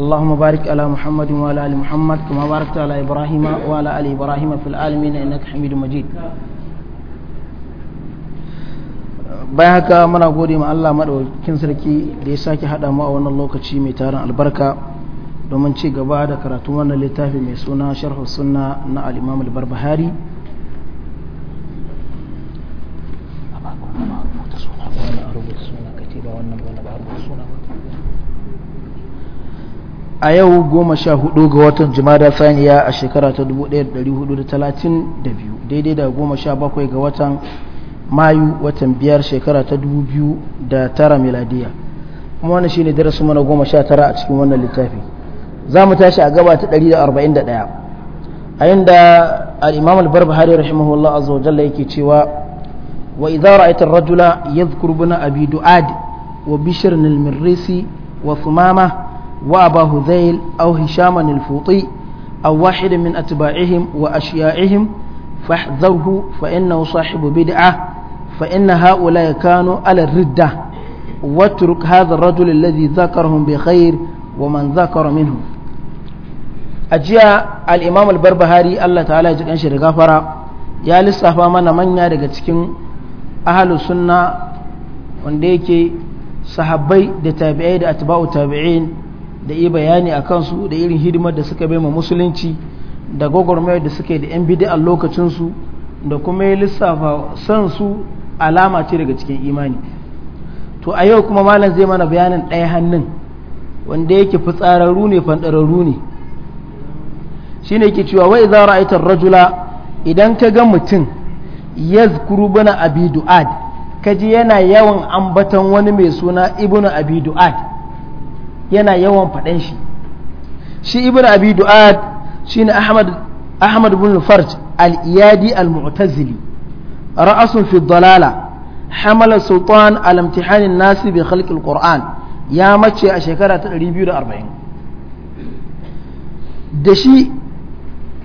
اللهم بارك على محمد وعلى ال محمد كما باركت على ابراهيم وعلى ال ابراهيم في العالمين انك حميد مجيد bayan haka muna gode ma Allah madaukakin sarki da ya sake hada mu a wannan lokaci mai taron albarka domin ci gaba da karatun wannan littafi mai suna sharhu sunna na al-Imam al-Barbahari a yau goma sha hudu ga watan jumada saniya a shekara ta 1432 daidai da goma sha bakwai ga watan mayu watan biyar shekara ta 2009 miladiya kuma wani shi ne darasu mana goma sha tara a cikin wannan littafi za mu tashi a gaba ta 141 a inda al'imam al-barbahari rahimahullah azza wa jalla yake cewa wa idza ra'aita ar-rajula yadhkuru bina abidu du'ad wa bishr al-mirrisi wa thumama وأبا هذيل أو هشام الفوطي أو واحد من أتباعهم وأشيائهم فاحذره فإنه صاحب بدعة فإن هؤلاء كانوا على الردة واترك هذا الرجل الذي ذكرهم بخير ومن ذكر منهم أجيا الإمام البربهاري الله تعالى يجب أن شرق غفرا يا لسه من من يارق تكين أهل السنة ونديكي صحابي دا تابعي دا أتباع التابعين da yi bayani a kansu da irin hidimar da suka bai ma musulunci da gwagwarmayar da suke da 'yan bid'a lokacinsu da kuma ya lissafa san su alama ce daga cikin imani to a yau kuma malam zai mana bayanin ɗaya hannun wanda yake fitsararru ne fanɗararru ne shi ne ke cewa wai a ita rajula idan ka ga mutum ya zukuru bana abi du'ad yana yawan ambatan wani mai suna ibnu abi du'ad yana yawan faɗan shi shi ibn abi du'ad shine ahmad ahmad ibn farj al-iyadi al-mu'tazili ra'asun fi dalala hamala sultan al-imtihan an-nas bi khalq al-qur'an ya mace a shekara ta 240 da shi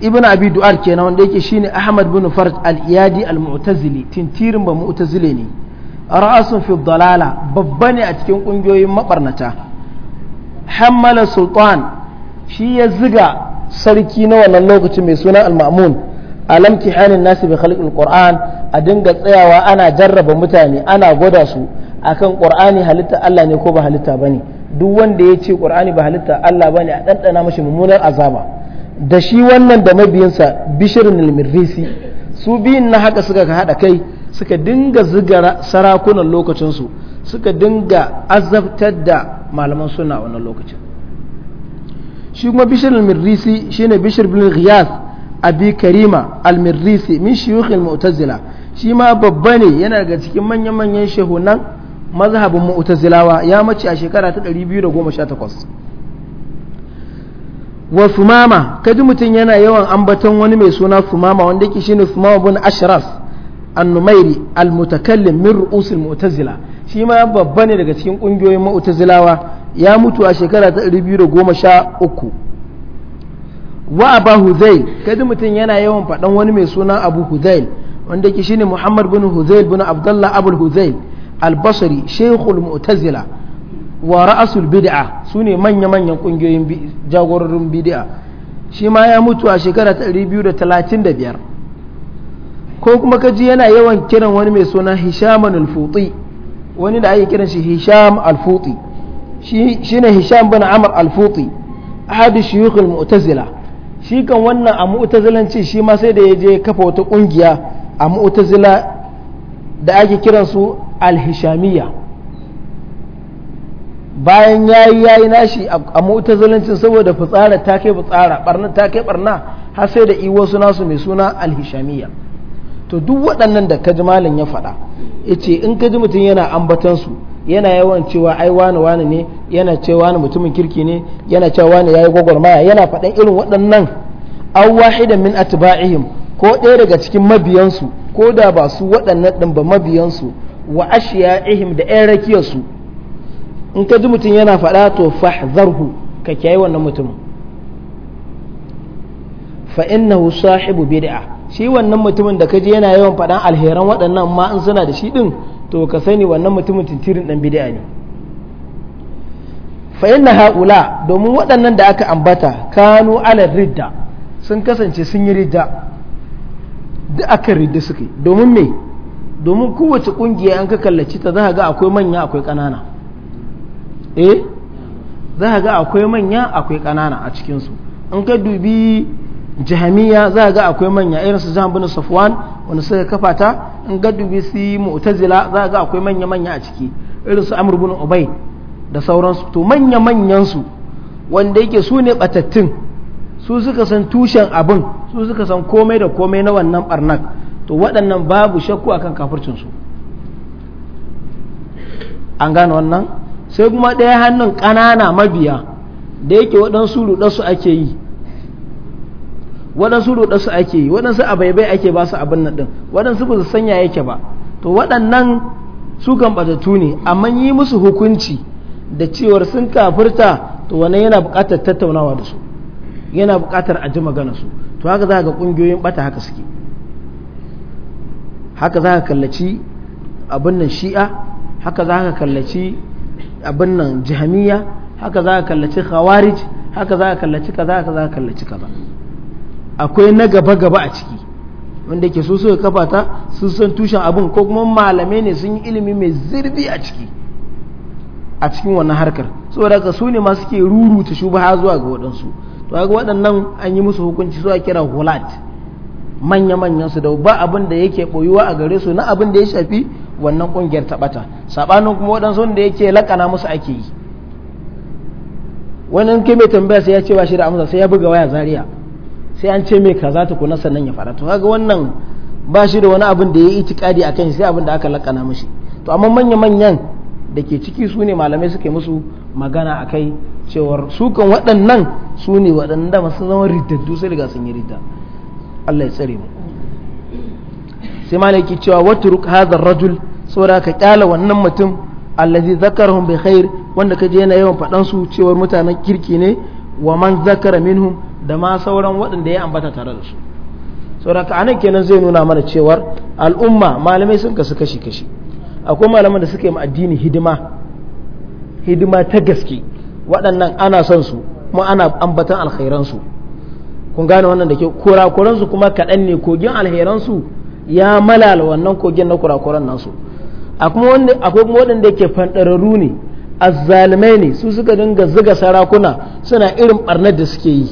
ibn abi du'ad kenan wanda yake shine ahmad ibn farj al-iyadi al-mu'tazili tintirin ba mu'tazile ne ra'asun fi dalala babba ne a cikin kungiyoyin mabarnata hammala sultan shi ya ziga sarki na wannan lokacin mai suna al-ma'mun lamki hanin nasi bi khalqil qur'an a dinga tsayawa ana jarraba mutane ana gwada su akan qur'ani halitta Allah ne ko ba halitta bane duk wanda ya ce qur'ani ba halitta Allah bane a ɗanɗana mashi mummunar azaba da shi wannan da mabiyinsa bishirin al-mirrisi su biyun na haka suka haɗa kai suka dinga ziga sarakunan lokacinsu suka dinga azabtar da malaman suna wannan lokacin shi kuma bishir al-mirrisi shine bishir bin ghiyas abi karima al-mirrisi min shiyukh al-mu'tazila shi ma babba ne yana daga cikin manyan manyan shehunan mazhabin mu'tazilawa ya mace a shekara ta 218 wa sumama kaji mutum yana yawan ambaton wani mai suna sumama wanda yake shine sumama bin ashraf an-numairi al-mutakallim min ru'usul mu'tazila shi ma babba ne daga cikin ƙungiyoyin ma'utazilawa ya mutu a shekara ta 2013 wa abu huzail kadi mutum yana yawan faɗan wani mai suna abu huzail wanda ke shine muhammad bin huzail bin abdullah abu huzail albasari shekul mu'tazila wa ra'asul bid'a su ne manya-manyan ƙungiyoyin jagororin bidia shi ma ya mutu a shekara ta 2035 ko kuma kaji yana yawan kiran wani mai suna hishamanul futi wani da ake kiran shi hisham Al-Futi shi ne hisham bin amr Al-Futi ahadu shuyukh mu'tazila shi kan wannan a mu'tazilanci shi ma sai da ya je kafa wata kungiya a mu'tazila da ake kiransu alhishamiyya bayan ya yi yayi yayi nashi a mu'tazilanci saboda fitsara ta kai fitsara barna ta kai barna har sai da iwo nasu mai suna al-hishamiyya to duk waɗannan da kaji malam ya faɗa yace in kaji mutum yana ambatansu su yana yawan cewa ai wani wani ne yana cewa wani mutumin kirki ne yana cewa wani yayi gwagwarmaya yana faɗan irin waɗannan aw wahidan min atba'ihim ko ɗaya daga cikin mabiyansu ko da ba su waɗannan ɗin ba mabiyansu wa ashiya'ihim da ƴan rakiyarsu in ka ji mutum yana faɗa to fahzarhu ka kiyaye wannan mutumin fa innahu sahibu bid'a shi wannan mutumin da kaji yana yawan faɗan alheran waɗannan ma in suna da shi ɗin to ka sani wannan mutumin tintirin ɗan bidiya ne fa inna haula domin waɗannan da aka ambata kanu ala ridda sun kasance sun yi ridda duk aka ridda suke domin me domin kowace ƙungiya an ka kallaci ta za ga akwai manya akwai ƙanana eh za ga akwai manya akwai ƙanana a cikinsu in ka dubi jahamiya za ga akwai manya irin su jahan bin safwan wani sai kafa ta in ga dubi su mu'tazila za ga akwai manya manya a ciki irin su amur bin da sauransu to manya manyan wanda yake su ne batattun su suka san tushen abin su suka san komai da komai na wannan barnak to waɗannan babu shakku akan kafircin an gane wannan sai kuma ɗaya hannun ƙanana mabiya da yake waɗansu ruɗansu ake yi waɗansu ruɗa su ake yi waɗansu abaibai ake ba su abin nan ɗin waɗansu ba su sanya yake ba to waɗannan su kan batatu ne amma yi musu hukunci da cewar sun kafirta to wannan yana buƙatar tattaunawa da su yana buƙatar a ji magana su to haka za ka ga ƙungiyoyin ɓata haka suke haka za ka kallaci abin nan shi'a haka za ka kallaci abin nan jihamiya haka za ka kallaci khawarij haka za ka kallaci kaza haka za ka kallaci kaza akwai na gaba-gaba a ciki wanda ke so suka kafa ta sun san tushen abin ko kuma malamai ne sun yi ilimi mai zirbi a ciki a cikin wannan harkar saboda ka su ne ma suke ruruta ha zuwa ga waɗansu to ga waɗannan an yi musu hukunci zuwa kira hulat manya-manyan su da ba abin da yake boyuwa a gare su na abin da ya shafi wannan ƙungiyar taɓata saɓanin kuma waɗansu wanda yake lakana musu ake yi wani ke mai tambaya sai ya ce ba shi da amsa sai ya buga waya Zariya. sai an ce mai kaza nasa sannan ya fara to kaga wannan ba shi da wani abin da ya yi itikadi a kan shi sai abin da aka lakana mashi to amma manya-manyan da ke ciki su ne malamai suka musu magana a kai cewar sukan waɗannan su ne waɗanda masu zama riddaddu sai riga sun yi ridda Allah ya tsare mu sai malai ke cewa wata ruk hadar rajul saboda ka kyala wannan mutum allazi zakarhum bi khair wanda ka je yana yawan faɗan su cewar mutanen kirki ne wa man zakara minhum da ma sauran waɗanda ya ambata tare da su sauraka anan kenan zai nuna mana cewar al'umma malamai sun kasu kashi kashi akwai malaman da suka yi addini hidima hidima ta gaske waɗannan ana son su kuma ana ambatan alkhairansu kun gane wannan da ke kurakuransu kuma kaɗan ne kogin alheransu ya malala wannan kogin na kurakuran nasu akwai kuma waɗanda ke fanɗararru ne azzalimai ne su suka dinga zuga sarakuna suna irin ɓarnar da suke yi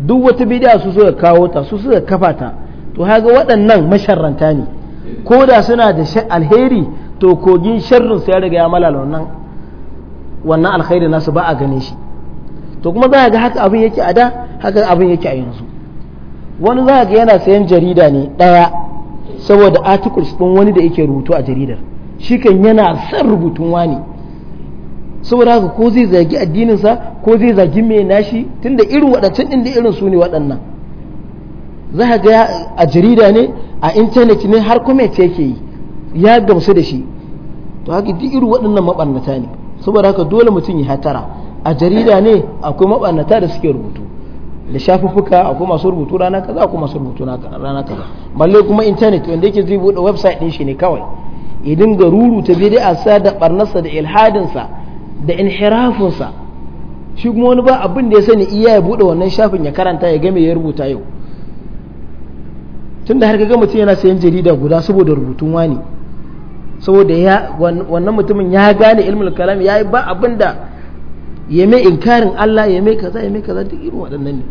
duk wata bid'a su suka kawo ta su suka kafa ta to haga waɗannan masharranta ne ko da suna da alheri to kogin sharrin sai ya riga ya malala wannan wannan alheri nasu ba a gane shi to kuma za ga haka abin yake a da haka abin yake a yanzu wani za ga yana sayan jarida ne ɗaya saboda articles ɗin wani da yake rubutu a jaridar shi kan yana son rubutun wani saboda haka ko zai zagi addininsa ko zai zagi mai nashi tunda irin waɗancan inda da irin su ne waɗannan za ka ga a jarida ne a intanet ne har kuma ya yake yi ya gamsu da shi to haka duk irin waɗannan maɓarnata ne saboda haka dole mutum ya hatara a jarida ne akwai maɓarnata da suke rubutu da shafuffuka akwai masu rubutu rana kaza akwai masu rubutu rana kaza balle kuma intanet wanda yake zai buɗe website ɗin shi ne kawai idan dinga ruruta bidi'a sa da ɓarnarsa da ilhadinsa da inhirafinsa shi kuma wani ba abin da ya sani iya ya buɗe wannan shafin ya karanta ya game ya rubuta yau tun da har ga mutum yana sayan jarida guda saboda rubutun wani saboda ya wannan mutumin ya gane ilmul kalam ya yi ba abin da ya mai inkarin Allah ya mai kaza ya mai kaza duk irin waɗannan ne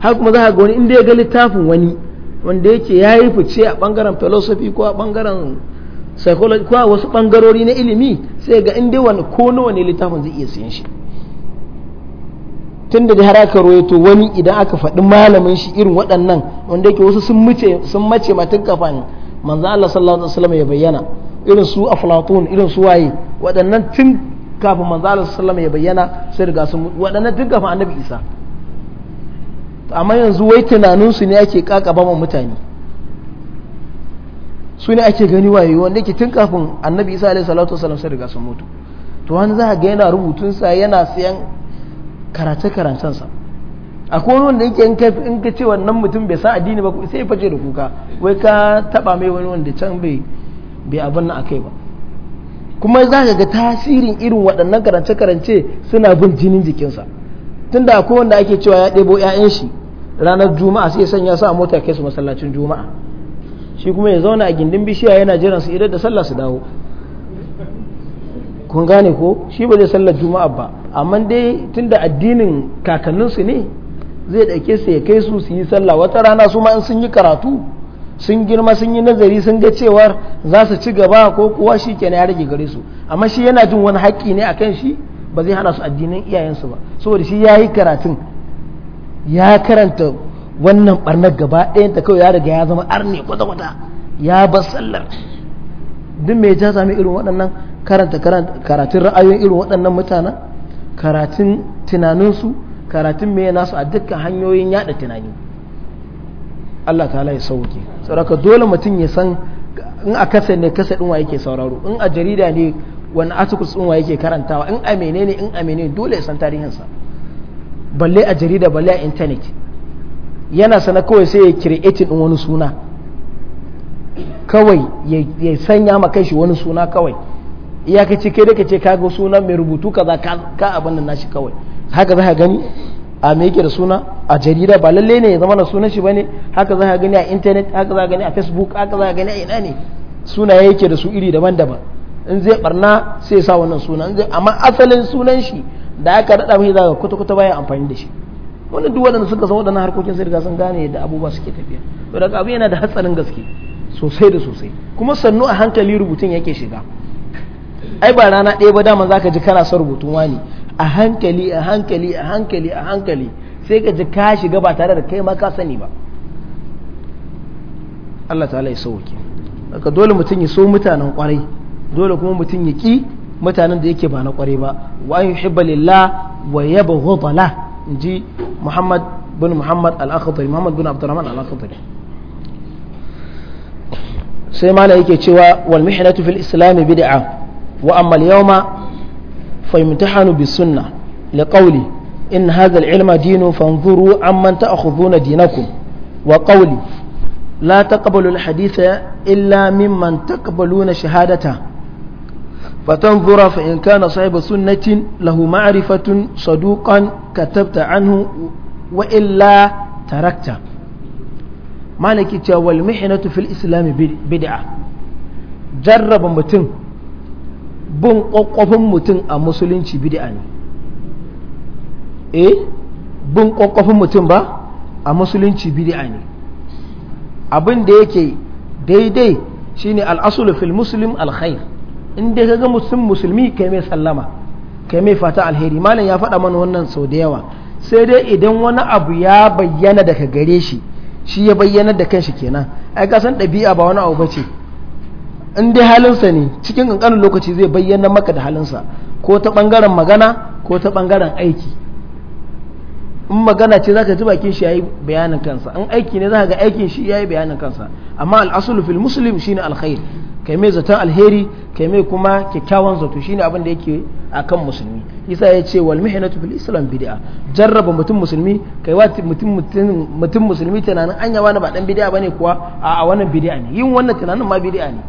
har kuma za ka ga wani inda ya ga littafin wani wanda yake ya yi fice a bangaren philosophy ko a bangaren psychology ko wasu bangarori na ilimi sai ga inda wani ko nawa ne littafin zai iya siyan shi tun da har aka rawaito wani idan aka faɗi malamin shi irin waɗannan wanda yake wasu sun mace sun mace matun kafan manzo Allah sallallahu alaihi wasallam ya bayyana irin su aflatun irin su waye waɗannan tun kafin manzo Allah sallallahu alaihi wasallam ya bayyana sai riga sun waɗannan tun kafin annabi Isa amma yanzu wai tunaninsu ne ake kakaba mutane su ne ake gani waye wanda yake tun kafin annabi isa alaihi salatu wasalam sai riga sun mutu to wani za a ga yana rubutunsa yana sayan karace karancensa akwai wanda yake in ka ce wannan mutum bai san addini ba sai ya fashe da kuka wai ka taba mai wani wanda can bai bai abin nan akai ba kuma za ka ga tasirin irin waɗannan karance karance suna bin jinin jikinsa tunda akwai wanda ake cewa ya ɗebo 'ya'yan shi ranar juma'a sai sanya su a mota kai su masallacin juma'a shi kuma ya zauna a gindin bishiya yana jiran su idan da sallah su dawo kun gane ko shi ba zai sallar juma'a ba amma dai tunda addinin kakanninsu ne zai ɗauke su ya kai su su yi sallah wata rana su ma in sun yi karatu sun girma sun yi nazari sun ga cewar za su ci gaba ko kuwa shi kenan ya rage gare su amma shi yana jin wani haƙƙi ne akan shi ba zai hana su addinin iyayensu ba saboda shi ya yi karatun ya karanta wannan barnar gaba ɗayan ta kawai ya riga ya zama arne kwata-kwata ya bar sallar duk mai ja sami irin waɗannan karanta karatun ra'ayoyin irin waɗannan mutanen karatun tunaninsu karatun mai nasu a dukkan hanyoyin yada tunani Allah ta ya sauke sauraka dole mutum ya san in a kasa ne kasa ɗin yake sauraro in a jarida ne wani articles ɗin yake karantawa in a menene in a menene dole ya san tarihinsa balle a jarida balle a intanet yana sana kawai sai ya kiri din wani suna kawai ya sanya ma kai shi wani suna kawai ce kai da kace kaga suna mai rubutu kaza ka abin nan nashi kawai haka za ka gani a me yake da suna a jarida ba lalle ne ya zama na sunan shi bane haka za ka gani a internet haka za ka gani a facebook haka za ka gani a ina ne suna yake da su iri daban-daban in zai barna sai ya sa wannan sunan amma asalin sunan shi da aka daɗa mai za ka kwata-kwata bayan amfani da shi wani duk waɗanda suka san waɗannan harkokin sai riga sun gane yadda abubuwa suke tafiya to daga abu yana da hatsarin gaske sosai da sosai kuma sannu a hankali rubutun yake shiga ai ba rana ɗaya ba dama zaka ji kana son rubutun wani a hankali a hankali a hankali a hankali sai ka ji ka shiga ba tare da kai ma ka sani ba Allah ta'ala ya sauke daga dole mutum ya so mutanen kwarai dole kuma mutum ya ki mutanen da yake ba na kwarai ba wa an wa yabghadha lahu inji muhammad bin muhammad al muhammad bin abdurrahman al-akhdari sai mala yake cewa wal mihnatu fil islam bid'a wa amma al-yawma fa yumtahanu bis sunnah liqawli in hadha al-ilma dinu fanzuru amman ta'khudhuna dinakum wa qawli la taqbalu al-haditha illa mimman taqbaluna shahadatahu فتنظر فإن كان صاحب سنة له معرفة صدوقا كتبت عنه وإلا تركته مالك والمحنة في الإسلام بدعة جرب متن بن قوقف متن المسلمين بدعة إيه بن قوقف متن با المسلمين بدعة أبن ديكي yake daidai shine al-aslu fil muslim in dai ga mutum musulmi kai mai sallama kai mai fata alheri malam ya faɗa mana wannan sau da yawa sai dai idan wani abu ya bayyana daga gare shi shi ya bayyana da kanshi kenan ai ka san ɗabi'a ba wani abu bace in dai halinsa ne cikin ƙanƙanin lokaci zai bayyana maka da halinsa ko ta ɓangaren magana ko ta ɓangaren aiki in magana ce zaka ji bakin shi yayi bayanin kansa in aiki ne zaka ga aikin shi yayi bayanin kansa amma al-aslu fil muslim shine alkhair kai mai zaton alheri kai mai kuma kyakkyawan zato shine abin da yake akan musulmi isa ya ce wal mihnatu fil islam bid'a jarraba mutum musulmi kai wa mutum mutum musulmi tunanin anya wani ba dan bid'a bane kuwa a a wannan bid'a ne yin wannan tunanin ma bid'a ne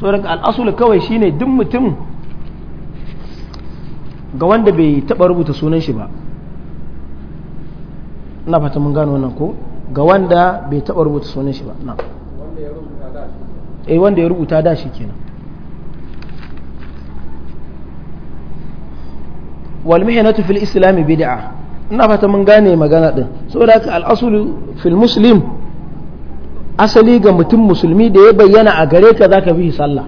so daga al-aslu kawai shine duk mutum ga wanda bai taba rubuta sunan shi ba na fata mun gano wannan ko ga wanda bai taɓa rubuta sunan shi ba na eh wanda ya rubuta da shi kenan wal mihnatu fil islam bid'a ina fata mun gane magana din saboda haka al aslu fil muslim asali ga mutum musulmi da ya bayyana a gare ka zaka bi sallah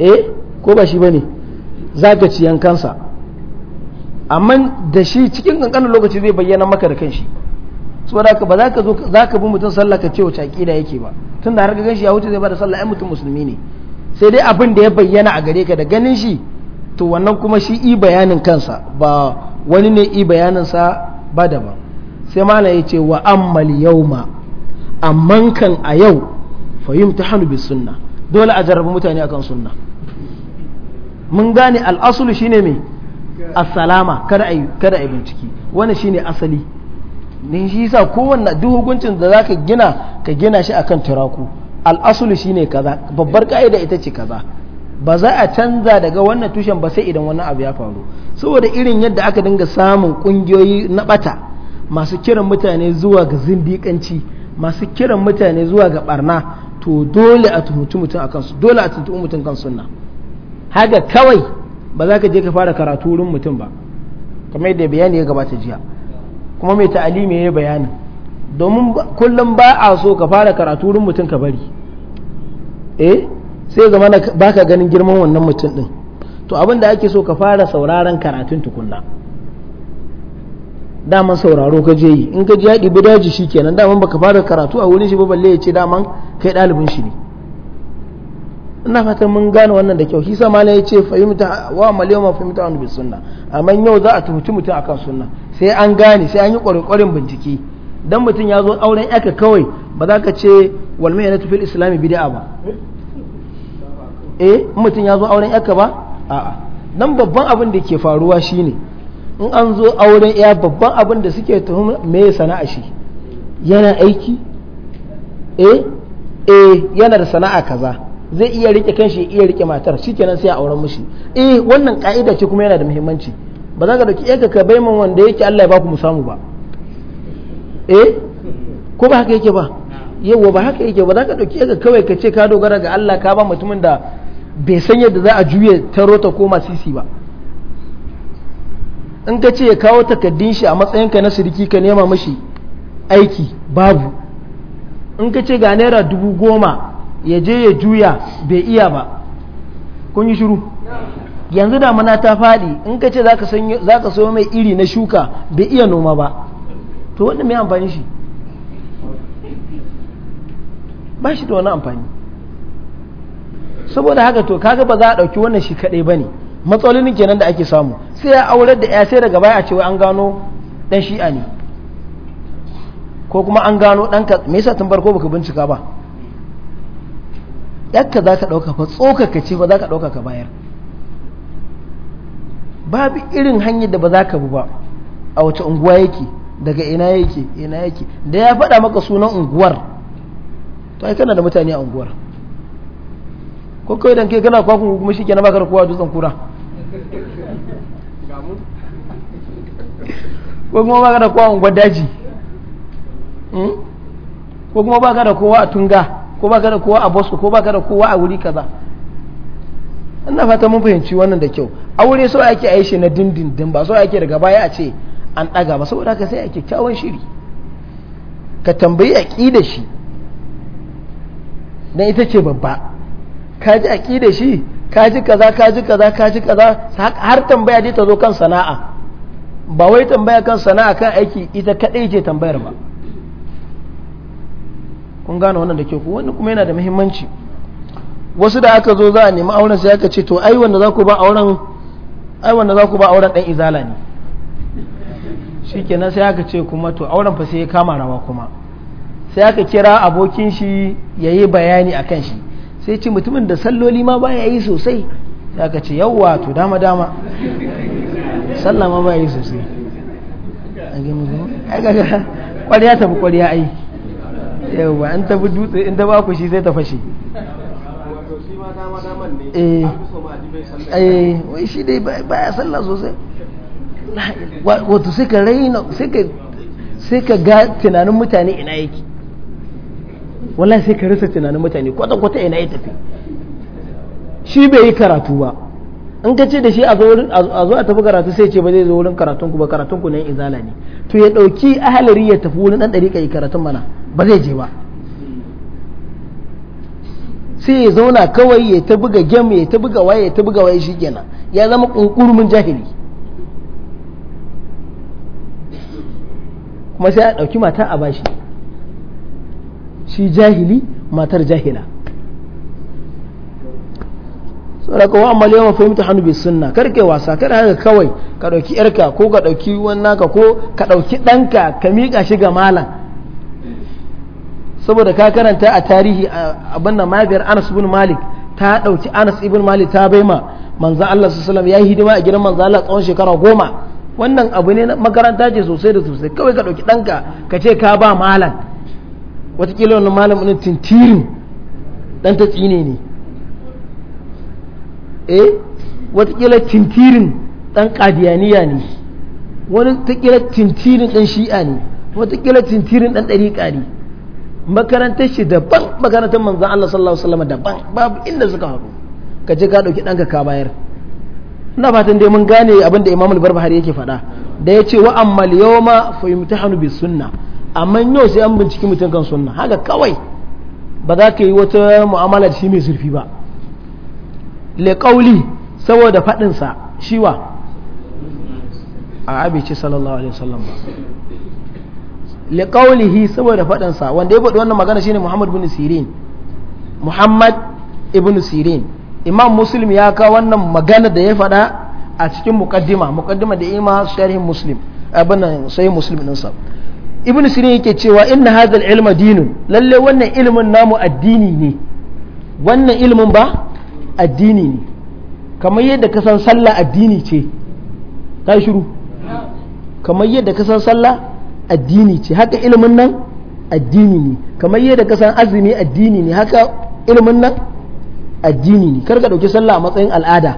eh ko ba shi bane zaka ci yankansa amma da shi cikin kankanin lokaci zai bayyana maka da kanshi saboda ka ba za ka zo za ka bi mutum sallah ka ce wace aqida yake ba tunda har ka ganshi ya wuce zai bada sallah ai mutum musulmi ne sai dai abin da ya bayyana a gare ka da ganin shi to wannan kuma shi i bayanin kansa ba wani ne i bayanin sa ba ba sai malam ya ce wa ammal yawma amma kan a yau fa yumtahanu bis sunna dole a jarrabi mutane akan sunna mun gane al al'asulu shine me assalama kada a kada a bincike wannan shine asali ne shi yasa kowanne duk hukuncin da zaka gina ka gina shi akan turaku al'asulu shine kaza babbar ka'ida ita ce kaza ba za a canza daga wannan tushen ba sai idan wannan abu ya faru saboda irin yadda aka dinga samun kungiyoyi na bata masu kiran mutane zuwa ga zindikanci masu kiran mutane zuwa ga barna to dole a tuhumci mutum akan su dole a mutum kan sunna haka kawai ba za ka je ka fara karatu wurin mutum ba kamar yadda bayani ya gabata jiya kuma mai ta'alimi ya yi bayani. domin kullum ba a so ka fara karatu wurin mutum ka bari eh sai zama ba ka ganin girman wannan mutum din to abin da ake so ka fara sauraron karatun tukunna daman sauraro ka je yi in ka ji ya bidaji daji shi kenan daman ka fara karatu a wurin shi ba balle ya ce daman kai ɗalibin shi ne ina fata mun gane wannan da kyau sa malai ya ce fahimta wa malewa ma fahimta wani bin sunna amma yau za a tuhuci mutum akan sunna sai an gane sai an yi ƙwarƙwarin bincike dan mutum ya zo auren yaka kawai ba za ka ce walmai yana tufi islami bid'a ba eh mutum ya zo auren yaka ba a'a dan babban abin da ke faruwa shine in an zo auren ya babban abin da suke tuhum me sana'a shi yana aiki eh eh yana da sana'a kaza zai iya rike kanshi iya rike matar shikenan sai a auren mishi eh wannan ka'ida ce kuma yana da muhimmanci ba za ka dauki yanka ka bai min wanda yake Allah ya baku mu samu ba eh ko ba haka yake ba yawa ba haka yake ba za ka dauki yanka kawai ka ce ka dogara ga Allah ka ba mutumin da bai san yadda za a juye taro ta koma sisi ba in ka ce ya kawo takaddun shi a matsayinka na siriki ka nema mashi aiki babu in ka ce ga naira dubu goma ya je ya juya bai iya ba kun yi shiru yanzu mana ta faɗi in ka ce za ka so mai iri na shuka bai iya noma ba to wanda mai amfani shi ba shi da wani amfani saboda haka to kaga ba za a ɗauki wannan shi kaɗai ba ne matsalolin kenan da ake samu sai ya aurar da ya sai daga baya a cewa an gano ɗan shi'a ne ko kuma an gano ɗan me yasa tun farko baka bincika ba ɗakka za ka ɗauka fa tsokaka ce ba za ka ɗauka ka bayar babu irin hanyar da ba za ka bu ba a wace unguwa yake daga ina yake ina yake da ya faɗa maka sunan unguwar to ai kana da mutane a unguwar ko kai dan kai kana kwakun kuma shi kenan baka da kowa dutsen kura ko kuma baka da kowa unguwar daji hmm? ko kuma baka da kowa a tunga ko baka da kowa a bosco ko baka da kowa a wuri kaza ina fata mun fahimci wannan da kyau aure so ake a shi na dindindin ba so ake daga baya a ce an ɗaga ba saboda haka sai a kyakkyawan shiri ka tambayi a da shi dan ita ce babba ka ji da shi ka ji kaza ka ji kaza ka ji kaza har tambaya dai ta zo kan sana'a ba wai tambaya kan sana'a kan aiki ita kadai ce tambayar ba kun gane wannan da ke ku wannan kuma yana da muhimmanci wasu da aka zo za a nemi auren sai aka ce to ai wanda za ku ba auren ai wanda za ku ba auren dan izala ne shikenan sai aka ce kuma to auren fa sai ya kama rawa kuma sai aka kira abokin shi yayi bayani akan shi sai ce mutumin da salloli ma baya yi sosai sai aka ce yawwa to dama dama sallama ma baya yi sosai ai ga kwariya tafi kwariya ai yawa an tafi dutse inda ba ku shi zai ta fashe eh. eh, wai shi dai baya sallah sosai wato sai ka raina ga tunanin mutane ina yake wala sai ka rasa tunanin mutane kwata-kwata ina ya tafi shi bai yi karatu ba in ka ce da shi a zo a tafi karatu sai ce ba zai zo wurin karatunku ba karatunku na izala ne to ya ɗauki ahalari ya tafi wurin ɗan ka yi karatun mana ba zai je ba sai ya zauna kawai ya ta buga gem ya ta buga waye ya ta buga waye shi kenan ya zama kunkurumin jahili kuma sai a ɗauki mata a bashi shi jahili matar jahila saboda kuma amma yau ma fahimta hannu bai sunna karke wasa kada haka kawai ka ɗauki yarka ko ka ɗauki wannan ka ko ka ɗauki ɗanka ka miƙa shi ga malam saboda ka karanta a tarihi abin nan mahaifiyar Anas ibn Malik ta dauki Anas ibn Malik ta baima manzo Allah sallallahu alaihi ya yi hidima a gidan manzo Allah tsawon shekara goma wannan abu ne makaranta ce sosai da sosai kawai ka dauki danka ka ce ka ba malam watakila wannan malam ɗin tintirin dan ta tsine ne eh watakila tintirin dan ƙadiyaniya ne wani takila tintirin dan shi'a ne watakila tintirin dan dariƙa ne makarantar shi daban makarantar manzan Allah sallallahu alaihi wasallam daban babu inda suka haɗu ka je ka ɗauki ɗanka ka bayar ina fatan dai mun gane abin da Imam Al-Barbahari yake faɗa da ya ce wa ammal yawma fa yumtahanu bi sunna amma yau sai an binciki mutum kan sunna haka kawai ba za ka yi wata mu'amala da shi mai zurfi ba le kauli saboda faɗinsa shiwa a abici sallallahu alaihi wasallam ba liqaulihi saboda faɗin sa wanda ya faɗi wannan magana shine Muhammad ibn Sirin Muhammad ibn Sirin Imam Muslim ya kawo wannan magana da ya faɗa a cikin muqaddima muqaddima da ima sharhin Muslim abin sai Muslim din sa Ibn Sirin yake cewa inna hadha al-ilma dinun lalle wannan ilimin namu addini ne wannan ilimin ba addini ne kamar yadda ka san sallah addini ce ta shiru kamar yadda ka san sallah addini ce haka ilimin nan addini ne kamar yadda ka san azumi addini ne haka ilimin nan addini ne kar ka ɗauki sallah a matsayin al'ada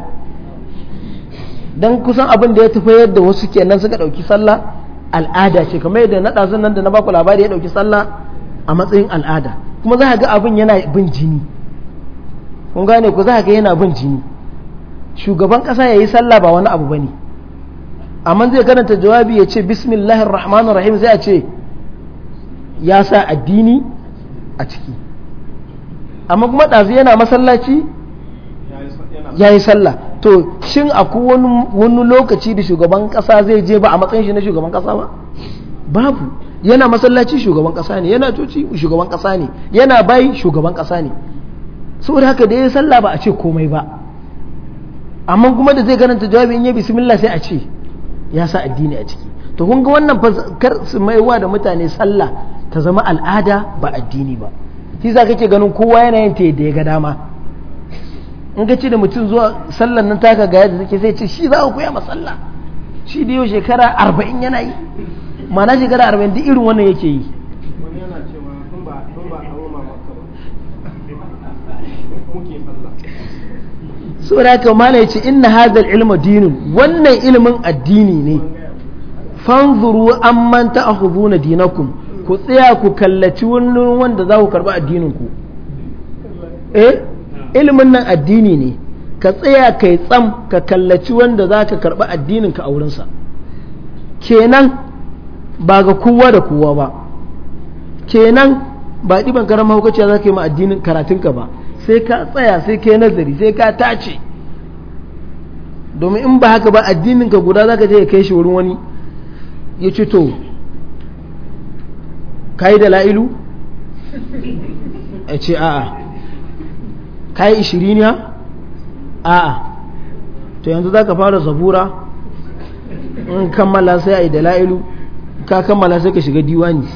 dan kusan abin da ya tafi yadda wasu kenan suka ɗauki sallah al'ada ce kamar yadda na ɗazun nan da na baku labari ya ɗauki sallah a matsayin al'ada kuma za ga abin yana bin jini kun gane ku za ga yana bin jini shugaban ƙasa ya yi sallah ba wani abu ba ne amma zai karanta jawabi ya ce bismillahir rahmanir rahim sai a ce ya sa addini a ciki amma kuma ɗazu yana masallaci ya yi sallah to shin akwai wani lokaci da shugaban ƙasa zai je ba a matsayin shi na shugaban ƙasa ba babu yana masallaci shugaban ƙasa ne yana coci shugaban ƙasa ne yana bai shugaban ƙasa ne saboda haka da ya yi sallah ba a ce komai ba amma kuma da zai karanta jawabi in yi bismillah sai a ce ya sa addini a ciki to kun ga wannan kar su maiwa da mutane sallah ta zama al'ada ba addini ba shi za kake ganin kowa yana yin ta yadda ya ga dama in ka ce da mutum zuwa sallar nan taka ga yadda take sai ce shi za ku koya ma sallah shi da yau shekara arba'in yana yi ma'ana shekara arba'in duk irin wannan yake yi saboda haka mala ce inna hadhal ilmu dinin wannan ilimin addini ne fanzuru a na dinakum ku tsaya ku kallaci wani wanda za ku karɓa addininku. eh ilimin nan addini ne ka tsaya kai tsam ka kallaci wanda za ka karɓa addininka a wurinsa kenan ba ga kowa da kowa ba kenan ba ɗiban karamar hukaciya za ka yi ma addinin karatunka ba sai ka tsaya sai ka nazari sai ka tace domin in ba haka ba addinin ka guda ka je ya kai shi wurin wani ya ce to ka yi da la'ilu a ce a'a ka yi ishiriniya a'a to yanzu za ka fara zabura in kammala sai a yi da la'ilu ka kammala sai ka shiga diwani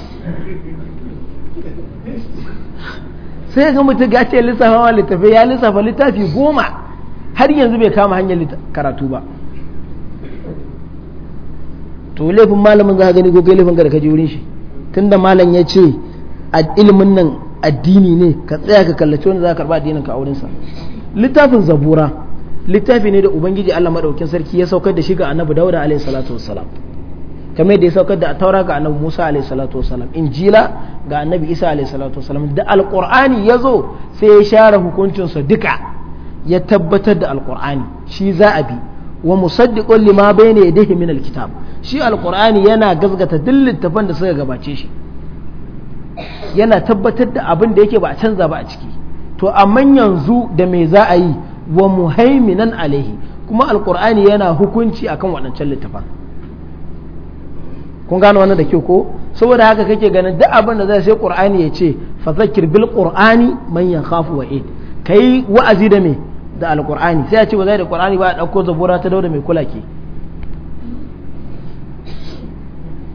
sai ga mutum ga ce lissafa wa littafi ya lissafa littafi goma har yanzu bai kama hanyar karatu ba to laifin malamin za ka gani ko kai laifin ka kaji wurin shi tunda malam ya ce a ilimin nan addini ne ka tsaya ka kallaci wanda za ka karba addinin ka a wurinsa littafin zabura littafi ne da ubangiji Allah madaukin sarki ya saukar da shi ga annabi dauda alaihi salatu wassalam kamar da ya saukar da taura ga annabi Musa alaihi salatu wasalam injila ga annabi Isa alaihi salatu wasalam da alqur'ani yazo sai ya share hukuncin sa duka ya tabbatar da alqur'ani shi za a bi wa musaddiqun lima bayna yadayhi min alkitab shi alqur'ani yana gazgata duk littafan da suka gabace shi yana tabbatar da abin da yake ba a canza ba a ciki to amma yanzu da me za a yi wa muhaiminan alaihi kuma alqur'ani yana hukunci akan waɗancan littafan kun gano wannan da kyau ko saboda haka kake ganin duk abin da zai sai qur'ani ya ce fa zakir bil qur'ani man yakhafu wa'id kai wa'azi da me da al qur'ani sai ya ce ba zai da qur'ani ba dauko zabura ta dauda mai kula ke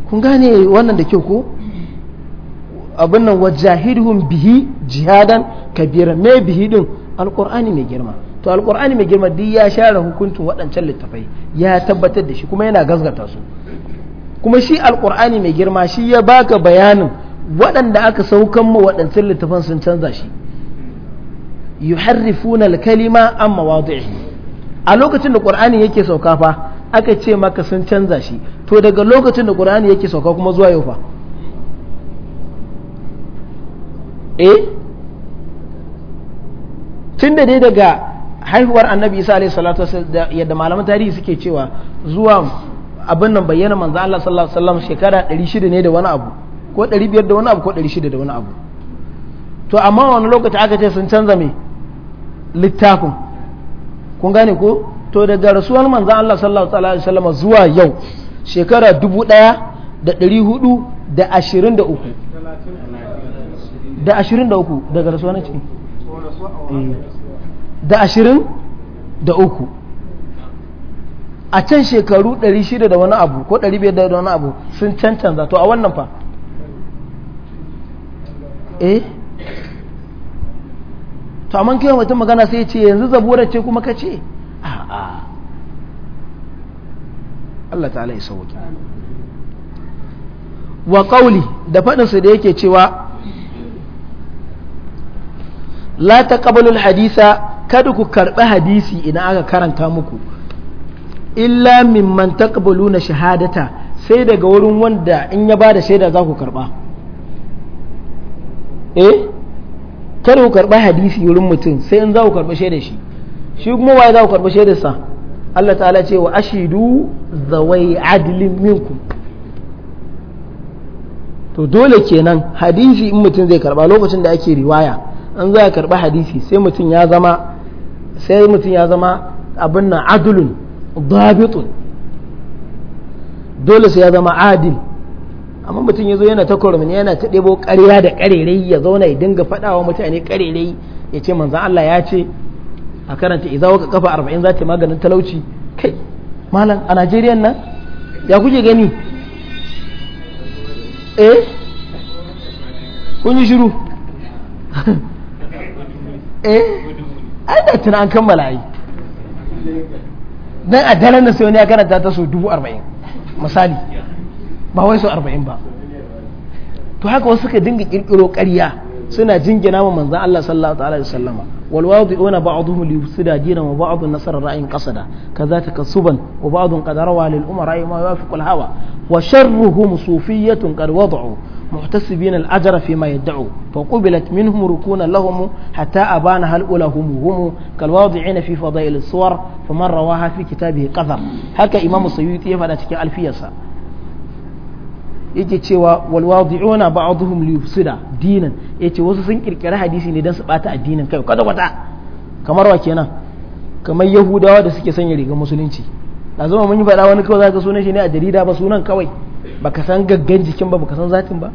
kun gane wannan da kyau ko abin nan wajahidhum bihi jihadan kabira me bihi din qur'ani mai girma to al qur'ani mai girma duk ya share hukuncin waɗancan littafai ya tabbatar da shi kuma yana gazgata su kuma shi alkur'ani mai girma shi ya baka bayanin waɗanda aka saukan mu waɗancan littafan sun canza shi yuharrifuna alkalima kalima an mawadi'i a lokacin da qur'ani yake sauka fa aka ce maka sun canza shi to daga lokacin da qur'ani yake sauka kuma zuwa yau fa eh tun da dai daga haihuwar annabi isa alaihi salatu yadda malaman tarihi suke cewa zuwa abin nan bayyana manzo Allah sallallahu alaihi wasallam shekara 600 ne da wani abu ko 500 da wani abu ko 600 da wani abu to amma wani lokaci aka ce sun canza me littafin kun gane ko to daga rasuwar manzo Allah sallallahu alaihi wasallam zuwa yau shekara 1400 da 23 da 23 daga rasuwar ce da 20 da uku a can shekaru 600 da wani abu ko 500 da wani abu sun cancanza to a wannan fa eh to amma kai mutum magana sai ce yanzu zabura ce kuma ka ce a'a Allah ta'ala ya sauke wa qawli da fadin da yake cewa la taqbalul hadisa kada ku karbi hadisi idan aka karanta muku illa mimman na shahadata sai daga wurin wanda in ya bada shaida za ku karba eh kar ku karba hadisi wurin mutum sai in za ku karba shaida shi shi kuma waye za ku karba shaidar sa Allah ta'ala ce wa ashidu zawai adlin minkum to dole kenan hadisi in mutum zai karba lokacin da ake riwaya an za a karba hadisi sai mutum ya zama sai mutum ya zama abin nan adulun ضابط dole sai ya zama adil amma mutum ya zo yana ta kurmin yana ta ɗebo ƙarya da ƙarerai ya zauna ya dinga faɗawa mutane ƙarerai ya ce manzan Allah ya ce a karanta iza waka kafa arba'in za ta maganin talauci kai malam a Najeriya nan ya kuke gani eh kun yi shiru eh ai da tunan an kammala yi dan a daren da sai wani ya karanta ta so dubu arba'in misali ba wai so arba'in ba to haka wasu suka dinga kirkiro ƙarya suna jingina ma manzan Allah sallallahu ta'ala da sallama wal wadi'una ba'dhum li yusda dinan wa ba'dhum nasara ra'in qasada ta kasuban wa ba'dhum qad rawa umar umara ma yafiqu al hawa وشرهم صوفية قد وضعوا محتسبين الأجر فيما يدعوا فقبلت منهم ركونا لهم حتى أبان هل هم هم كالواضعين في فضائل الصور فمن رواها في كتابه قذر هكا إمام السيوطي فلاتك ألفيسا yake cewa walwadi'una ba'dhum li yufsida dinan yace wasu sun kirkira hadisi ne dan su bata addinin kai kwata kwata kamar wa kenan kamar yahudawa da suke sanya rigar musulunci a zama mun yi faɗa wani kawai za ka sunan shi ne a jarida ba sunan kawai ba ka san gaggan jikin ba ba ka san zatin ba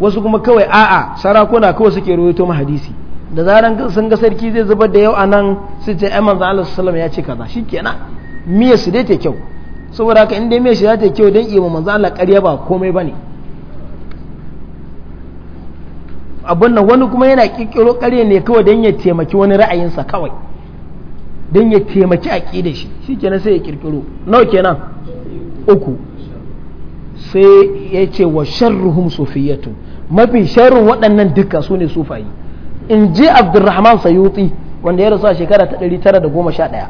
wasu kuma kawai a'a sarakuna kawai suke rawaito ma hadisi da zaran sun ga sarki zai zubar da yau a nan su ce ya manzan Allah sallallahu ya ce kaza shikenan miya su dai ta kyau saboda haka inda miyar miya shi za ta kyau don iya manzan Allah ƙarya ba komai ne abun nan wani kuma yana ƙirƙiro ƙarya ne kawai don ya taimaki wani ra'ayinsa kawai don ya taimaki a aƙida shi shi kenan sai ya kirkiro nawa kenan uku sai ya ce wa sharruhum sufiyatu mafi sharrin waɗannan duka su ne sufayi in ji abdurrahman sayuti wanda ya rasu a shekara ta 1911